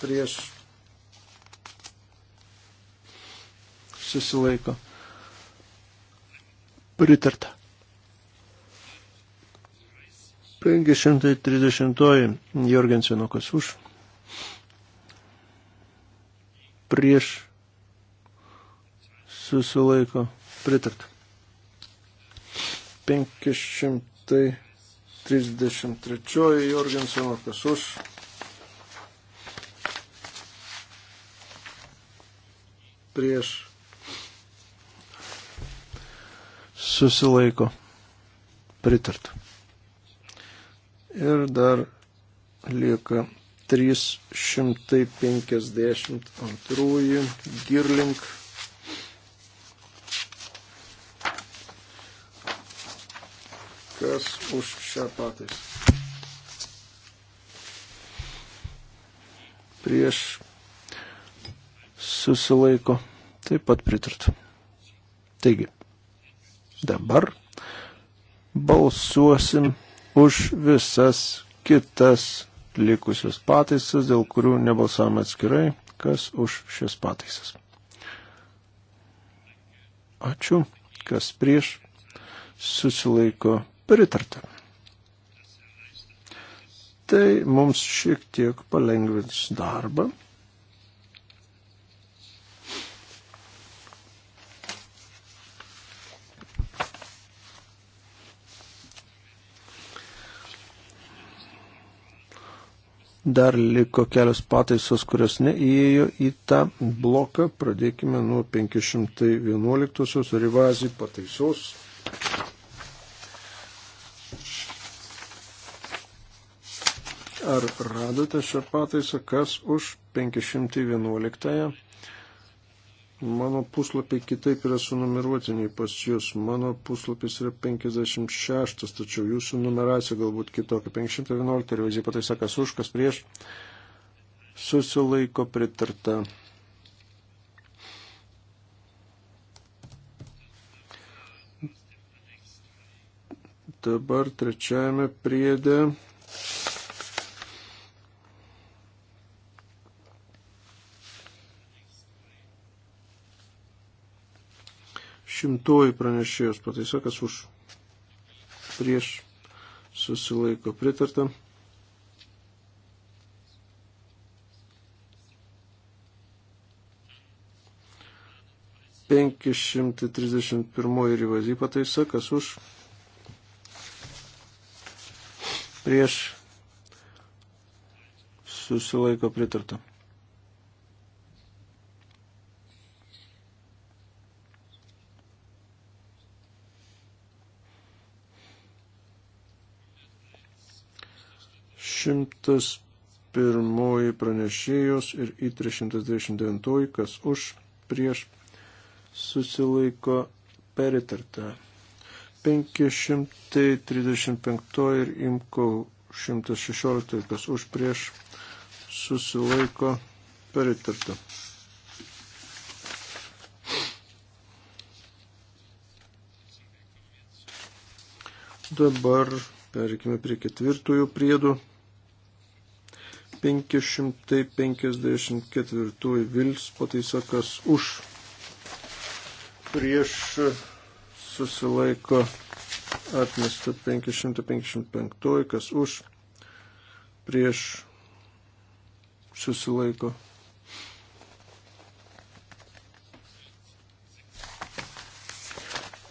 prieš susilaiko. Pritarta. 530 Jorgensenukas už. Prieš susilaiko. Pritarta. 533 Jorgensenukas už prieš susilaiko pritarta. Ir dar lieka 352 girlink. Kas už šią pataisą? Prieš susilaiko, taip pat pritarta. Taigi, dabar balsuosim už visas kitas likusias pataisas, dėl kurių nebalsavome atskirai, kas už šias pataisas. Ačiū, kas prieš susilaiko pritarta. Tai mums šiek tiek palengvins darbą. Dar liko kelios pataisos, kurios neįėjo į tą bloką. Pradėkime nuo 511 rivazijų pataisos. Ar radote šią pataisą, kas už 511? Mano puslapiai kitaip yra sunumeruoti nei pas jūs. Mano puslapis yra 56, tačiau jūsų numeracija galbūt kitokia. 511 ir vizija patai sakas už, kas prieš. Susilaiko pritarta. Dabar trečiajame priedė Šimtoji pranešėjos pataisa, kas už prieš susilaiko pritarta. Penkišimtai trisdešimt pirmoji rivazy pataisa, kas už prieš susilaiko pritarta. 101 pranešėjos ir į 329, kas už, prieš, susilaiko peritarta. 535 ir imko 116, kas už, prieš, susilaiko peritarta. Dabar Perikime prie ketvirtųjų priedų. 554 Vils pataisa, kas už prieš susilaiko atmesta 555, kas už prieš susilaiko.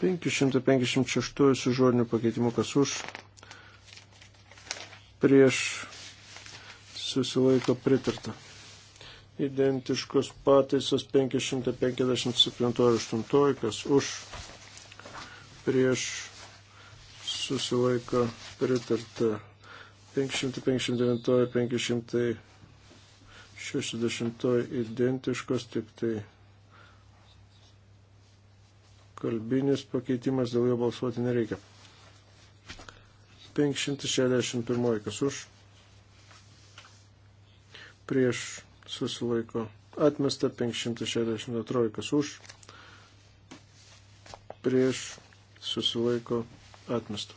Penkišimtai penkišimt šeštuoju su žodiniu pakeitimu, kas už, prieš susilaiko pritarta. Identiškos pataisos 557 ir 8, kas už, prieš susilaiko pritarta. 559 ir 560 identiškos, tik tai kalbinis pakeitimas, dėl jo balsuoti nereikia. 561 kas už prieš susilaiko atmesta 562 už, prieš susilaiko atmesta.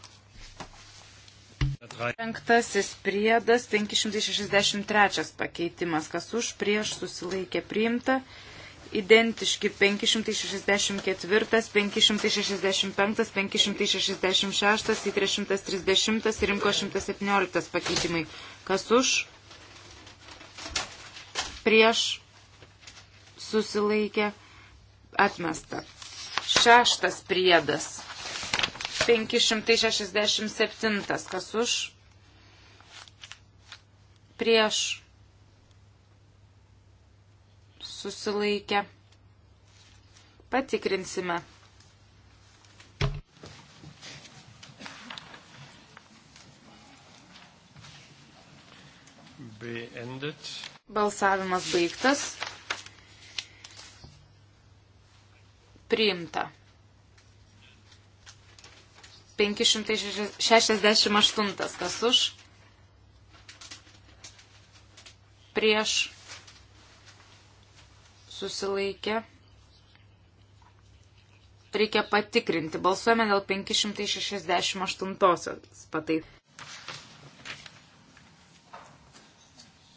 Penktasis priedas, 563 pakeitimas, kas už, prieš susilaikė priimta, identiški 564, 565, 566, 330 ir 117 pakeitimai, kas už, prieš susilaikė atmesta. Šeštas priedas. 567. Kas už? Prieš susilaikė. Patikrinsime. Beendet. Balsavimas baigtas. Priimta. 568. Kas už? Prieš. Susilaikė. Reikia patikrinti. Balsuojame dėl 568. Patai.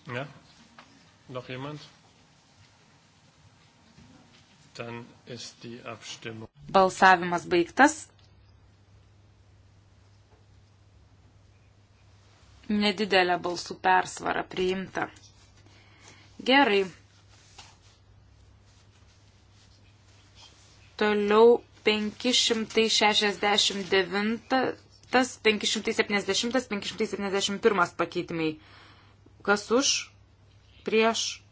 Ne? Yeah. Noch jemand? Dann ist die Abstimmung. Balsavimas baigtas. Nedidelė balsų persvara priimta. Gerai. Toliau 569, 570, 571 pakeitimai. Kas už? prieš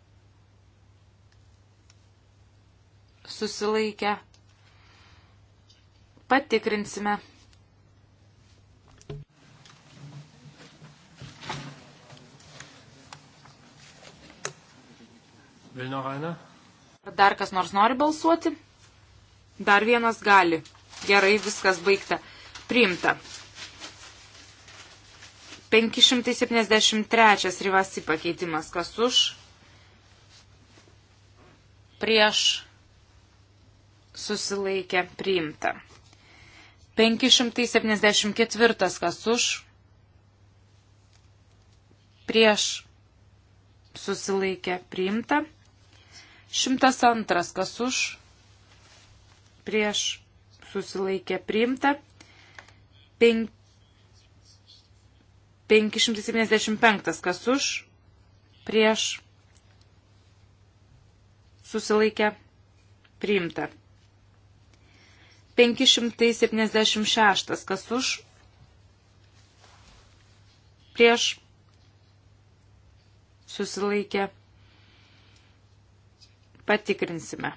susilaikę. Patikrinsime. Vilno Raina. Ar dar kas nors nori balsuoti? Dar vienas gali. Gerai, viskas baigta. Priimta. 573 rivasi pakeitimas. Kas už? Prieš susilaikė priimta. 574 kas už? Prieš susilaikė priimta. 102 kas už? Prieš susilaikė priimta. 5 575. Kas už? Prieš? Susilaikė? Priimta. 576. Kas už? Prieš? Susilaikė? Patikrinsime.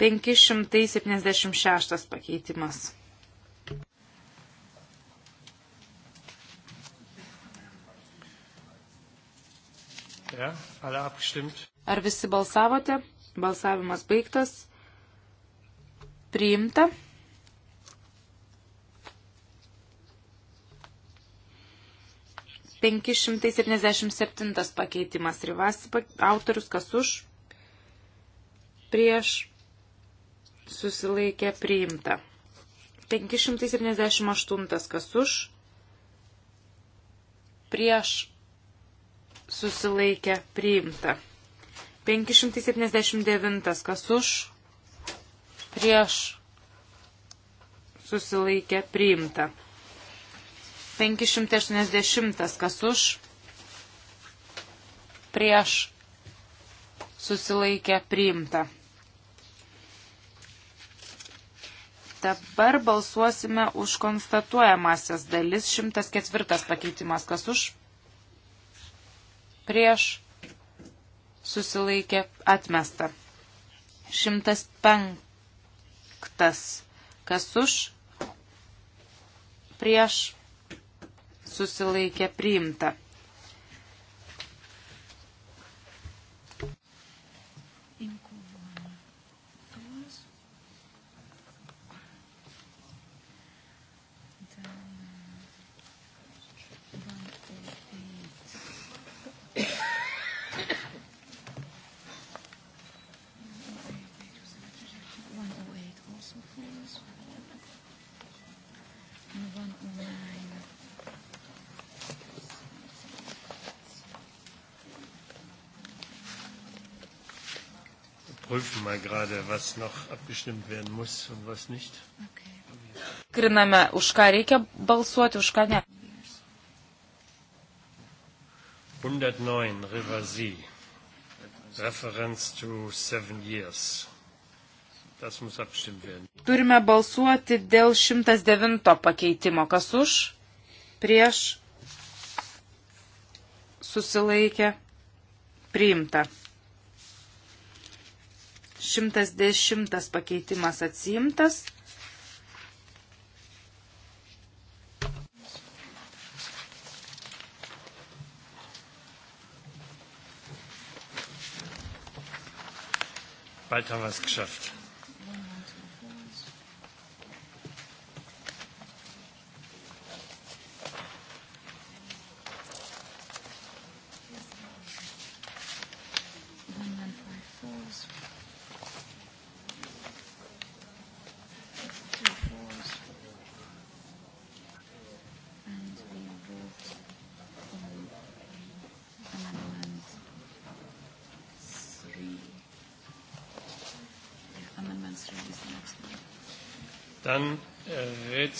576 pakeitimas. Ar visi balsavote? Balsavimas baigtas. Priimta. Penki šimtai septyniasdešimt septintas pakeitimas. Rivasi autorius, kas už? Prieš susilaikė priimta. 578 kas už, prieš susilaikė priimta. 579 kas už, prieš susilaikė priimta. 580 kas už, prieš susilaikė priimta. Dabar balsuosime už konstatuojamasias dalis 104 pakeitimas kas už, prieš susilaikė atmesta. 105. Kas už prieš susilaikė priimta. mal gerade, was noch abgestimmt werden muss und was nicht. Okay. Kriname, už ką reikia balsuoti, už ką ne. 109, Rivasi. Reference to seven years. Das muss abgestimmt werden. Turime balsuoti dėl 109 pakeitimo. Kas už? Prieš? Susilaikė? Priimta. 110 pakeitimas atsimtas. Bald haben wir es geschafft.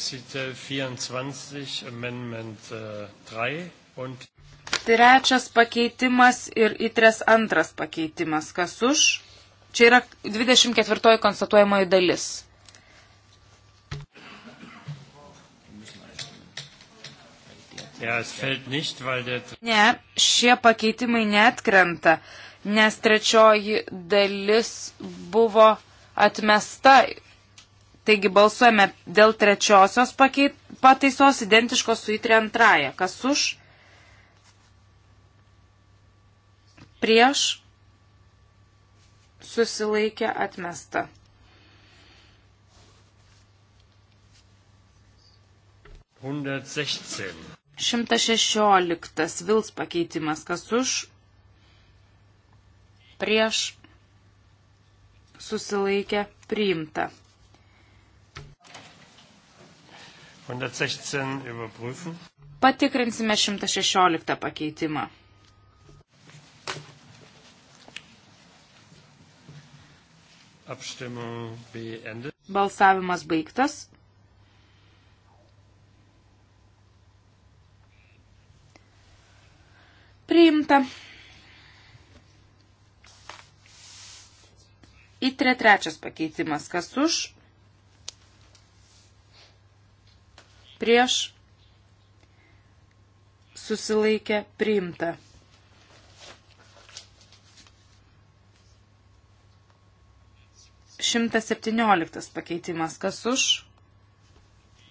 Exite 24, Amendment 3 äh, und. Trečias pakeitimas ir įtres antras pakeitimas. Kas už? Čia yra 24 konstatuojamoji dalis. Ne, šie pakeitimai netkrenta, nes trečioji dalis buvo atmesta Taigi balsuojame dėl trečiosios pakeit, pataisos identiškos su įtrė antraja. Kas už? Prieš susilaikė atmesta. Šimtas šešioliktas vils pakeitimas. Kas už? Prieš susilaikė priimta. 116 überprüfen. Patikrinsime 116 pakeitimą. Abstimmung beendet. Balsavimas baigtas. Priimta. Įtre trečias pakeitimas. Kas už? prieš susilaikė priimta. Šimtas septynioliktas pakeitimas. Kas už?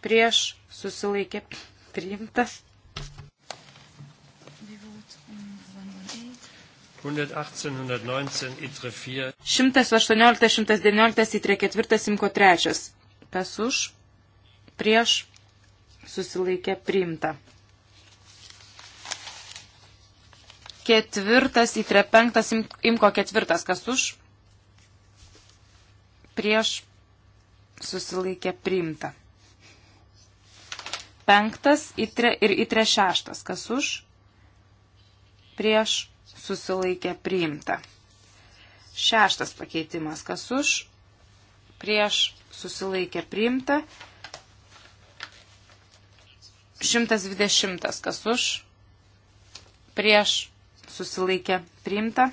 Prieš susilaikė priimta. 118-119 į 3 4 kas už, prieš, susilaikė priimta. Ketvirtas, įtre penktas, imko ketvirtas, kas už, prieš susilaikė priimta. Penktas įtre, ir įtre šeštas, kas už, prieš susilaikė priimta. Šeštas pakeitimas, kas už, prieš susilaikė priimta. 120. Kas už? Prieš susilaikė priimta.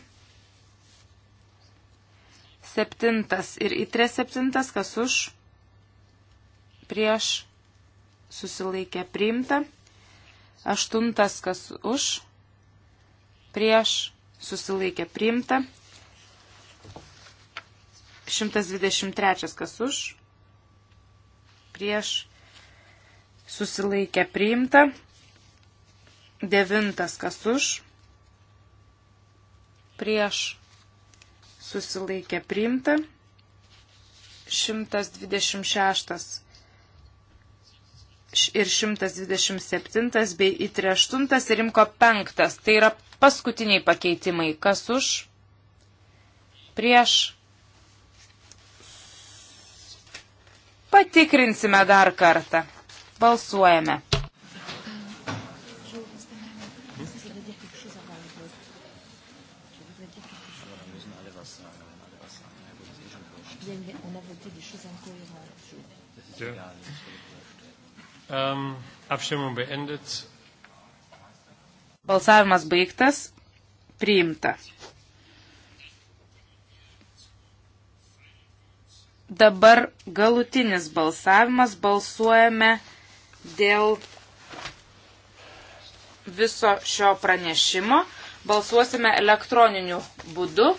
Septintas ir įtrė septintas, kas už, prieš, susilaikė priimta. Aštuntas, kas už, prieš, susilaikė priimta. 123, kas už, prieš, susilaikė priimta, devintas kas už, prieš susilaikė priimta, 126 ir 127 bei į 38 ir imko 5. Tai yra paskutiniai pakeitimai. Kas už? Prieš. Patikrinsime dar kartą. Balsuojame. Ähm, balsavimas baigtas. Priimta. Dabar galutinis balsavimas. Balsuojame dėl viso šio pranešimo. Balsuosime elektroniniu būdu.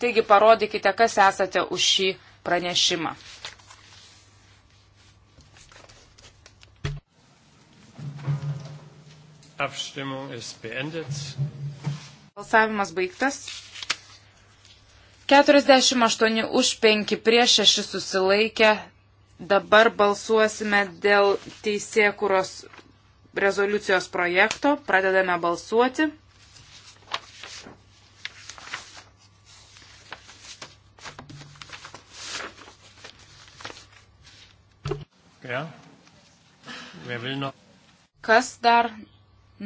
Taigi parodykite, kas esate už šį pranešimą. Balsavimas baigtas. 48 už 5 prieš 6 susilaikę Dabar balsuosime dėl teisėkuros rezoliucijos projekto. Pradedame balsuoti. Kas dar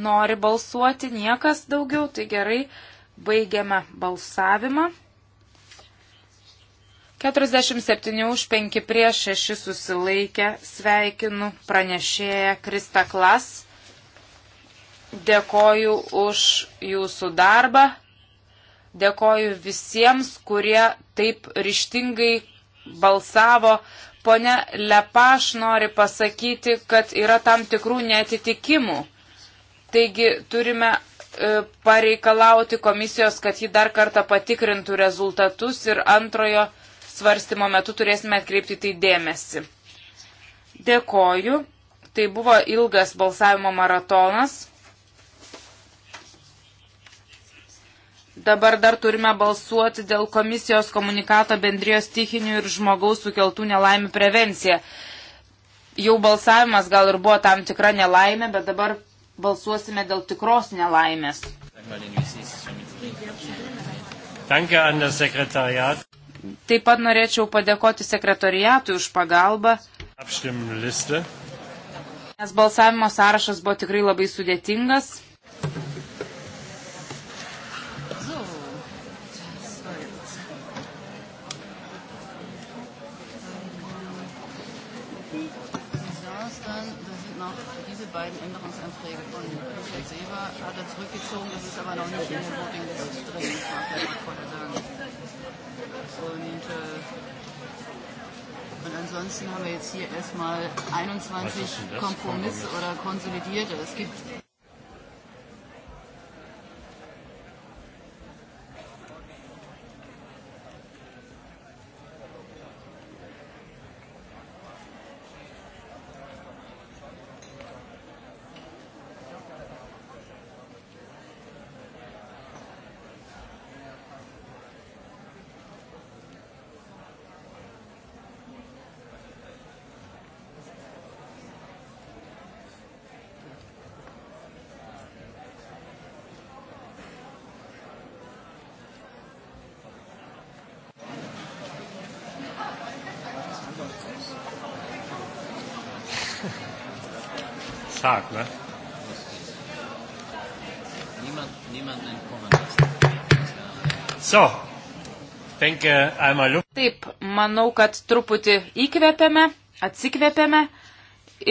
nori balsuoti? Niekas daugiau. Tai gerai, baigiame balsavimą. 47 už 5 prieš 6 susilaikę. Sveikinu pranešėją Krista Klas. Dėkoju už jūsų darbą. Dėkoju visiems, kurie taip ryštingai balsavo. Pone Lepaš nori pasakyti, kad yra tam tikrų netitikimų. Taigi turime e, pareikalauti komisijos, kad ji dar kartą patikrintų rezultatus ir antrojo svarstymo metu turėsime atkreipti tai dėmesį. Dėkoju. Tai buvo ilgas balsavimo maratonas. Dabar dar turime balsuoti dėl komisijos komunikato bendrijos stichinių ir žmogaus sukeltų nelaimių prevencija. Jau balsavimas gal ir buvo tam tikra nelaimė, bet dabar balsuosime dėl tikros nelaimės. Danke an das Sekretariat. Taip pat norėčiau padėkoti sekretoriatui už pagalbą. Nes balsavimo sąrašas buvo tikrai labai sudėtingas. beiden Änderungsanträge von Michael Seber hat er zurückgezogen. Das ist aber noch nicht in der Voting ansonsten haben wir jetzt hier erstmal 21 Kompromiss oder konsolidierte. Es gibt stark, ne? Niemand, niemand so, denke einmal Luft. Taip, manau, kad truputį įkvėpėme, atsikvėpėme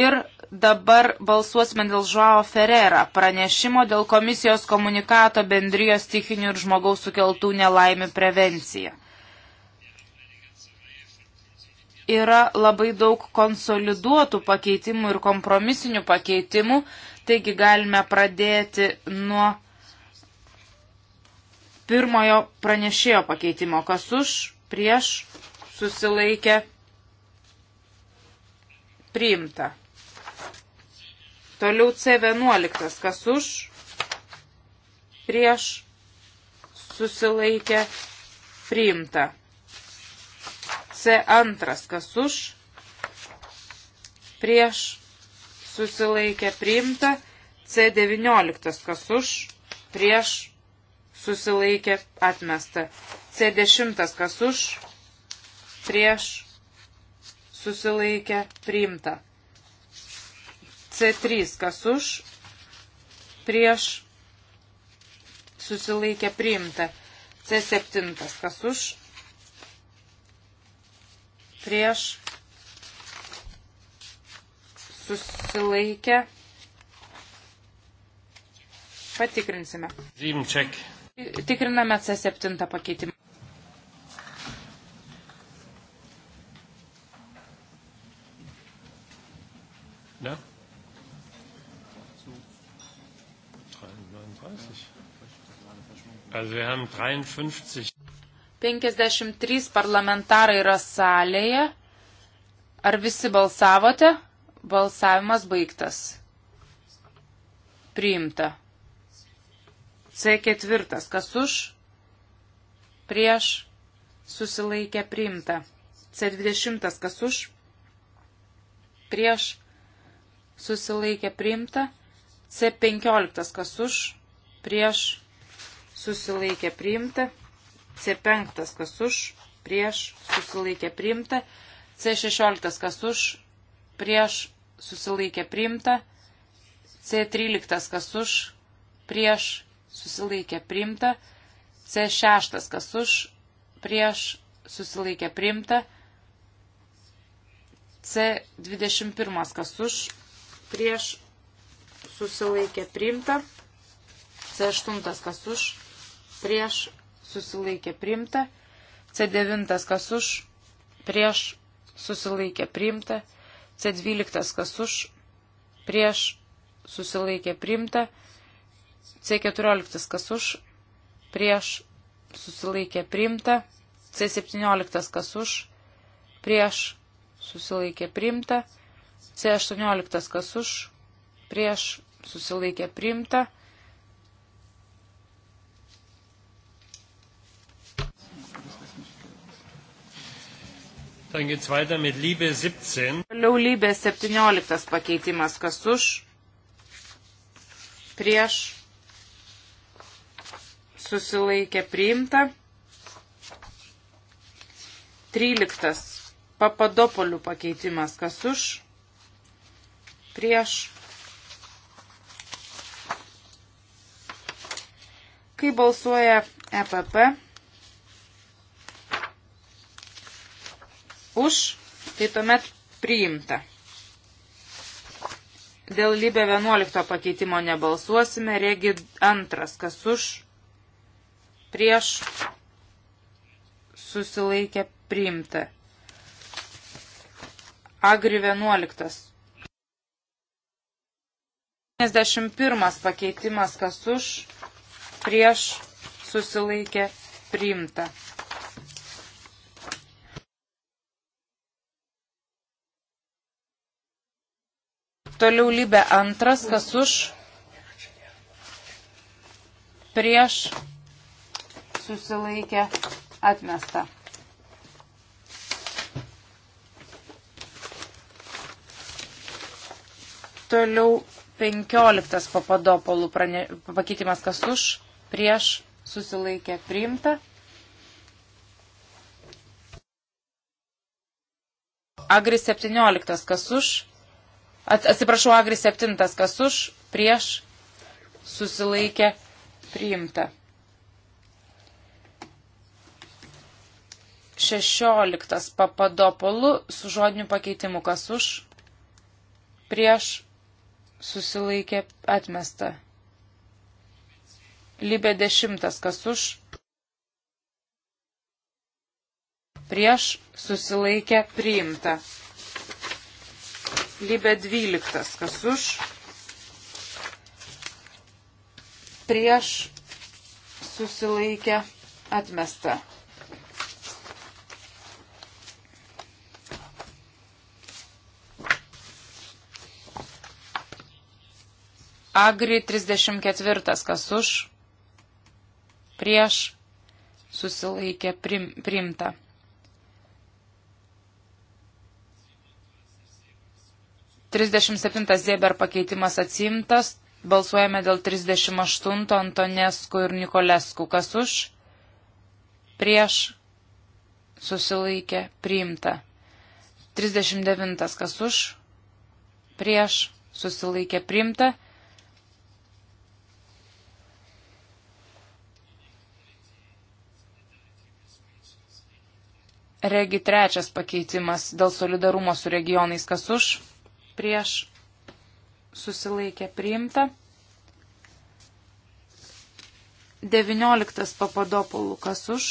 ir dabar balsuosime dėl Žuao Ferrera pranešimo dėl komisijos komunikato bendrijos stichinių ir žmogaus sukeltų nelaimių prevenciją yra labai daug konsoliduotų pakeitimų ir kompromisinių pakeitimų, taigi galime pradėti nuo pirmojo pranešėjo pakeitimo, kas už, prieš, susilaikė, priimta. Toliau C11, kas už, prieš, susilaikė, priimta. C2, kas už, prieš, susilaikė priimta, C19, kas už, prieš, susilaikė atmesta, C10, kas už, prieš, susilaikė priimta, C3, kas už, prieš, susilaikė priimta, C7, kas už, prieš susilaikę. Patikrinsime. Zimček. Tikriname C7 pakeitimą. Ne? Also wir haben 53. 53 parlamentarai yra salėje. Ar visi balsavote? Balsavimas baigtas. Priimta. C4. Kas už? Prieš. Susilaikė priimta. C20. Kas už? Prieš. Susilaikė priimta. C15. Kas už? Prieš. Susilaikė priimta. C5 kas už, prieš susilaikė priimta, C16 kas už, prieš susilaikė priimta, C13 kas už, prieš susilaikė priimta, C6 kas už, prieš susilaikė priimta, C21 kas už, prieš susilaikė priimta, C8 kas už, prieš susilaikė priimta, C9 kas už, prieš susilaikė priimta, C12 kas už, prieš susilaikė priimta, C14 kas už, prieš susilaikė priimta, C17 kas už, prieš susilaikė priimta, C18 kas už, prieš susilaikė priimta, Toliau lybė 17 pakeitimas, kas už, prieš, susilaikė priimta. 13 papadopolių pakeitimas, kas už, prieš, kai balsuoja EPP, už, tai tuomet priimta. Dėl lybė 11 pakeitimo nebalsuosime, regi antras, kas už, prieš, susilaikė priimta. Agri 11. 51 pakeitimas, kas už, prieš, susilaikė priimta. Toliau lybė antras, kas už, prieš, susilaikė, atmesta. Toliau 15 papadopolų prane... pakeitimas kas už, prieš, susilaikė, priimta. Agri 17 kas už, Atsiprašau, Agri 7, kas už, prieš, susilaikė, priimta. 16 papadopolų su žodiniu pakeitimu, kas už, prieš, susilaikė, atmesta. Libė 10, kas už, prieš, susilaikė, priimta. Libė 12. Kas už? Prieš susilaikę atmesta. Agri 34. Kas už? Prieš susilaikė prim, primta. 37 Zieber pakeitimas atsimtas. Balsuojame dėl 38 Antoneskų ir Nikoleskų. Kas už? Prieš susilaikė priimta. 39 kas už? Prieš susilaikė priimta. Regi trečias pakeitimas dėl solidarumo su regionais kas už? prieš susilaikė priimta. 19 papadopolų kas už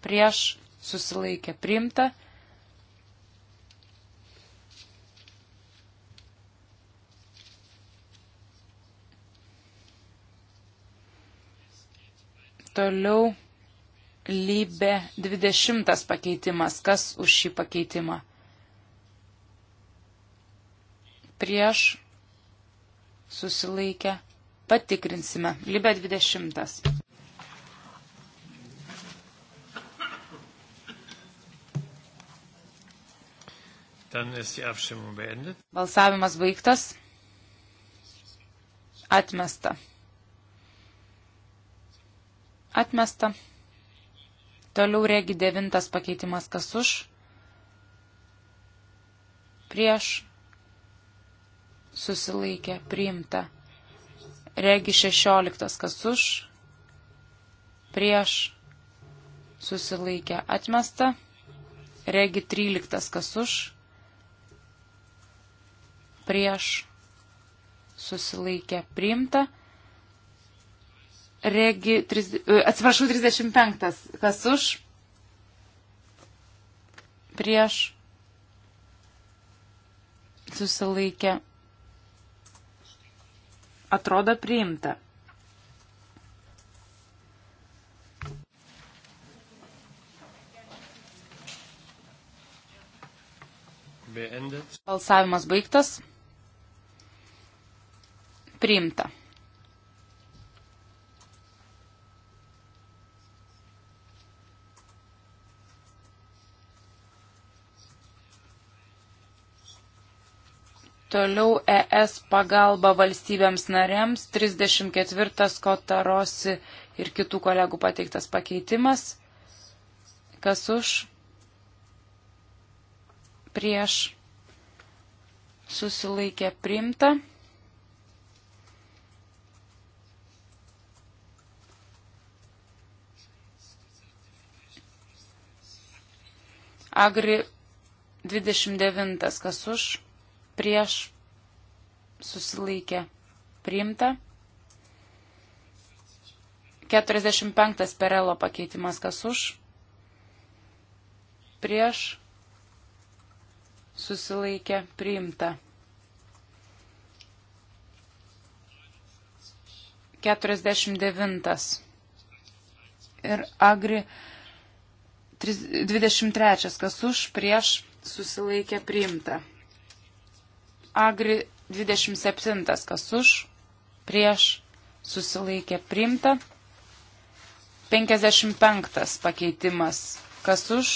prieš susilaikė priimta. Toliau lybė 20 pakeitimas. Kas už šį pakeitimą? prieš susilaikę. Patikrinsime. Libė 20. Balsavimas baigtas. Atmesta. Atmesta. Toliau regi devintas pakeitimas kas už. Prieš susilaikė priimta. Regi 16, kas už, prieš, susilaikė atmesta. Regi 13, kas už, prieš, susilaikė priimta. Regi, 30, e, atsiprašau, 35, kas už, prieš, susilaikė atrodo priimta. Beendet. Balsavimas baigtas. Priimta. Toliau ES pagalba valstybėms narėms, 34 Kotarosi ir kitų kolegų pateiktas pakeitimas. Kas už? Prieš susilaikė primta. Agri 29, kas už? prieš susilaikė priimta. 45 perelo pakeitimas kas už, prieš susilaikė priimta. 49 ir agri 23 kas už, prieš susilaikė priimta. Agri 27. Kas už, prieš, susilaikė priimta. 55. Pakeitimas. Kas už,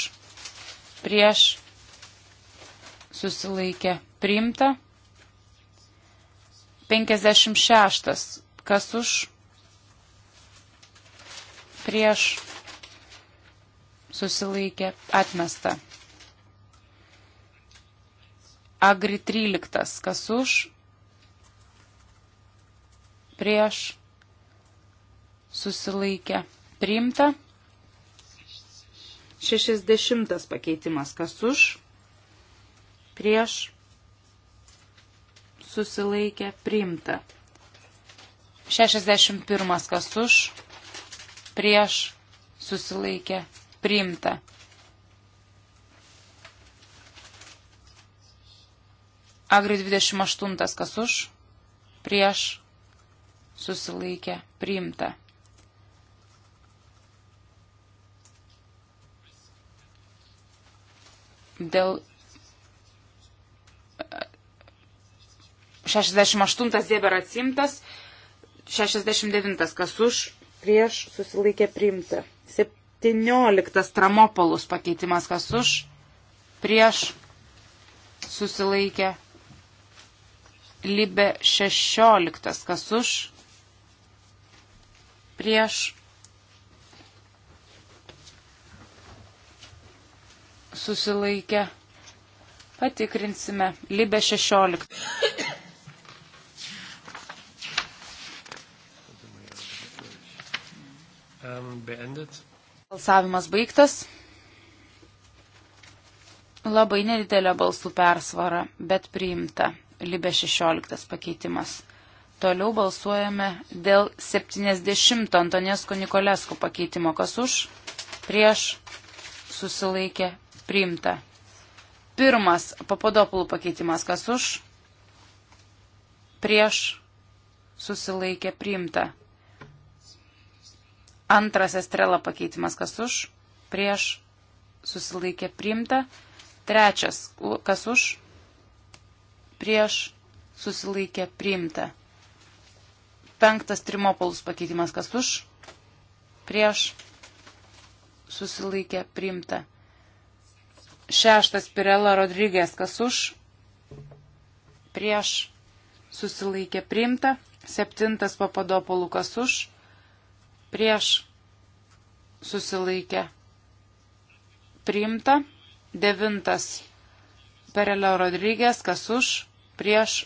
prieš, susilaikė priimta. 56. Kas už, prieš, susilaikė atmesta. Agri 13. Kas už? Prieš. Susilaikė. Priimta. 60 pakeitimas. Kas už? Prieš. Susilaikė. Priimta. 61. Kas už? Prieš. Susilaikė. Priimta. Agri 28 kas už, prieš, susilaikė, priimta. Dėl 68 dėber atsimtas, 69 kas už, prieš, susilaikė, priimta. 17 Tramopolus pakeitimas kas už, prieš, susilaikė, priimta Libe 16. Kas už? Prieš. Susilaikę. Patikrinsime. Libe 16. Ähm, beendet. Balsavimas baigtas. Labai nedidelė balsų persvara, bet priimta. Libė 16 pakeitimas. Toliau balsuojame dėl 70 Antoniesko Nikolesko pakeitimo. Kas už? Prieš susilaikė priimta. Pirmas papadopulų pakeitimas. Kas už? Prieš susilaikė priimta. Antras estrela pakeitimas. Kas už? Prieš susilaikė priimta. Trečias. Kas už? prieš susilaikė priimta. Penktas Trimopolus pakeitimas kas už, prieš susilaikė priimta. Šeštas Pirela Rodrygės kas už, prieš susilaikė priimta. Septintas Papadopolų kas už, prieš susilaikė priimta. Devintas Perelio Rodrygės, kas už, prieš,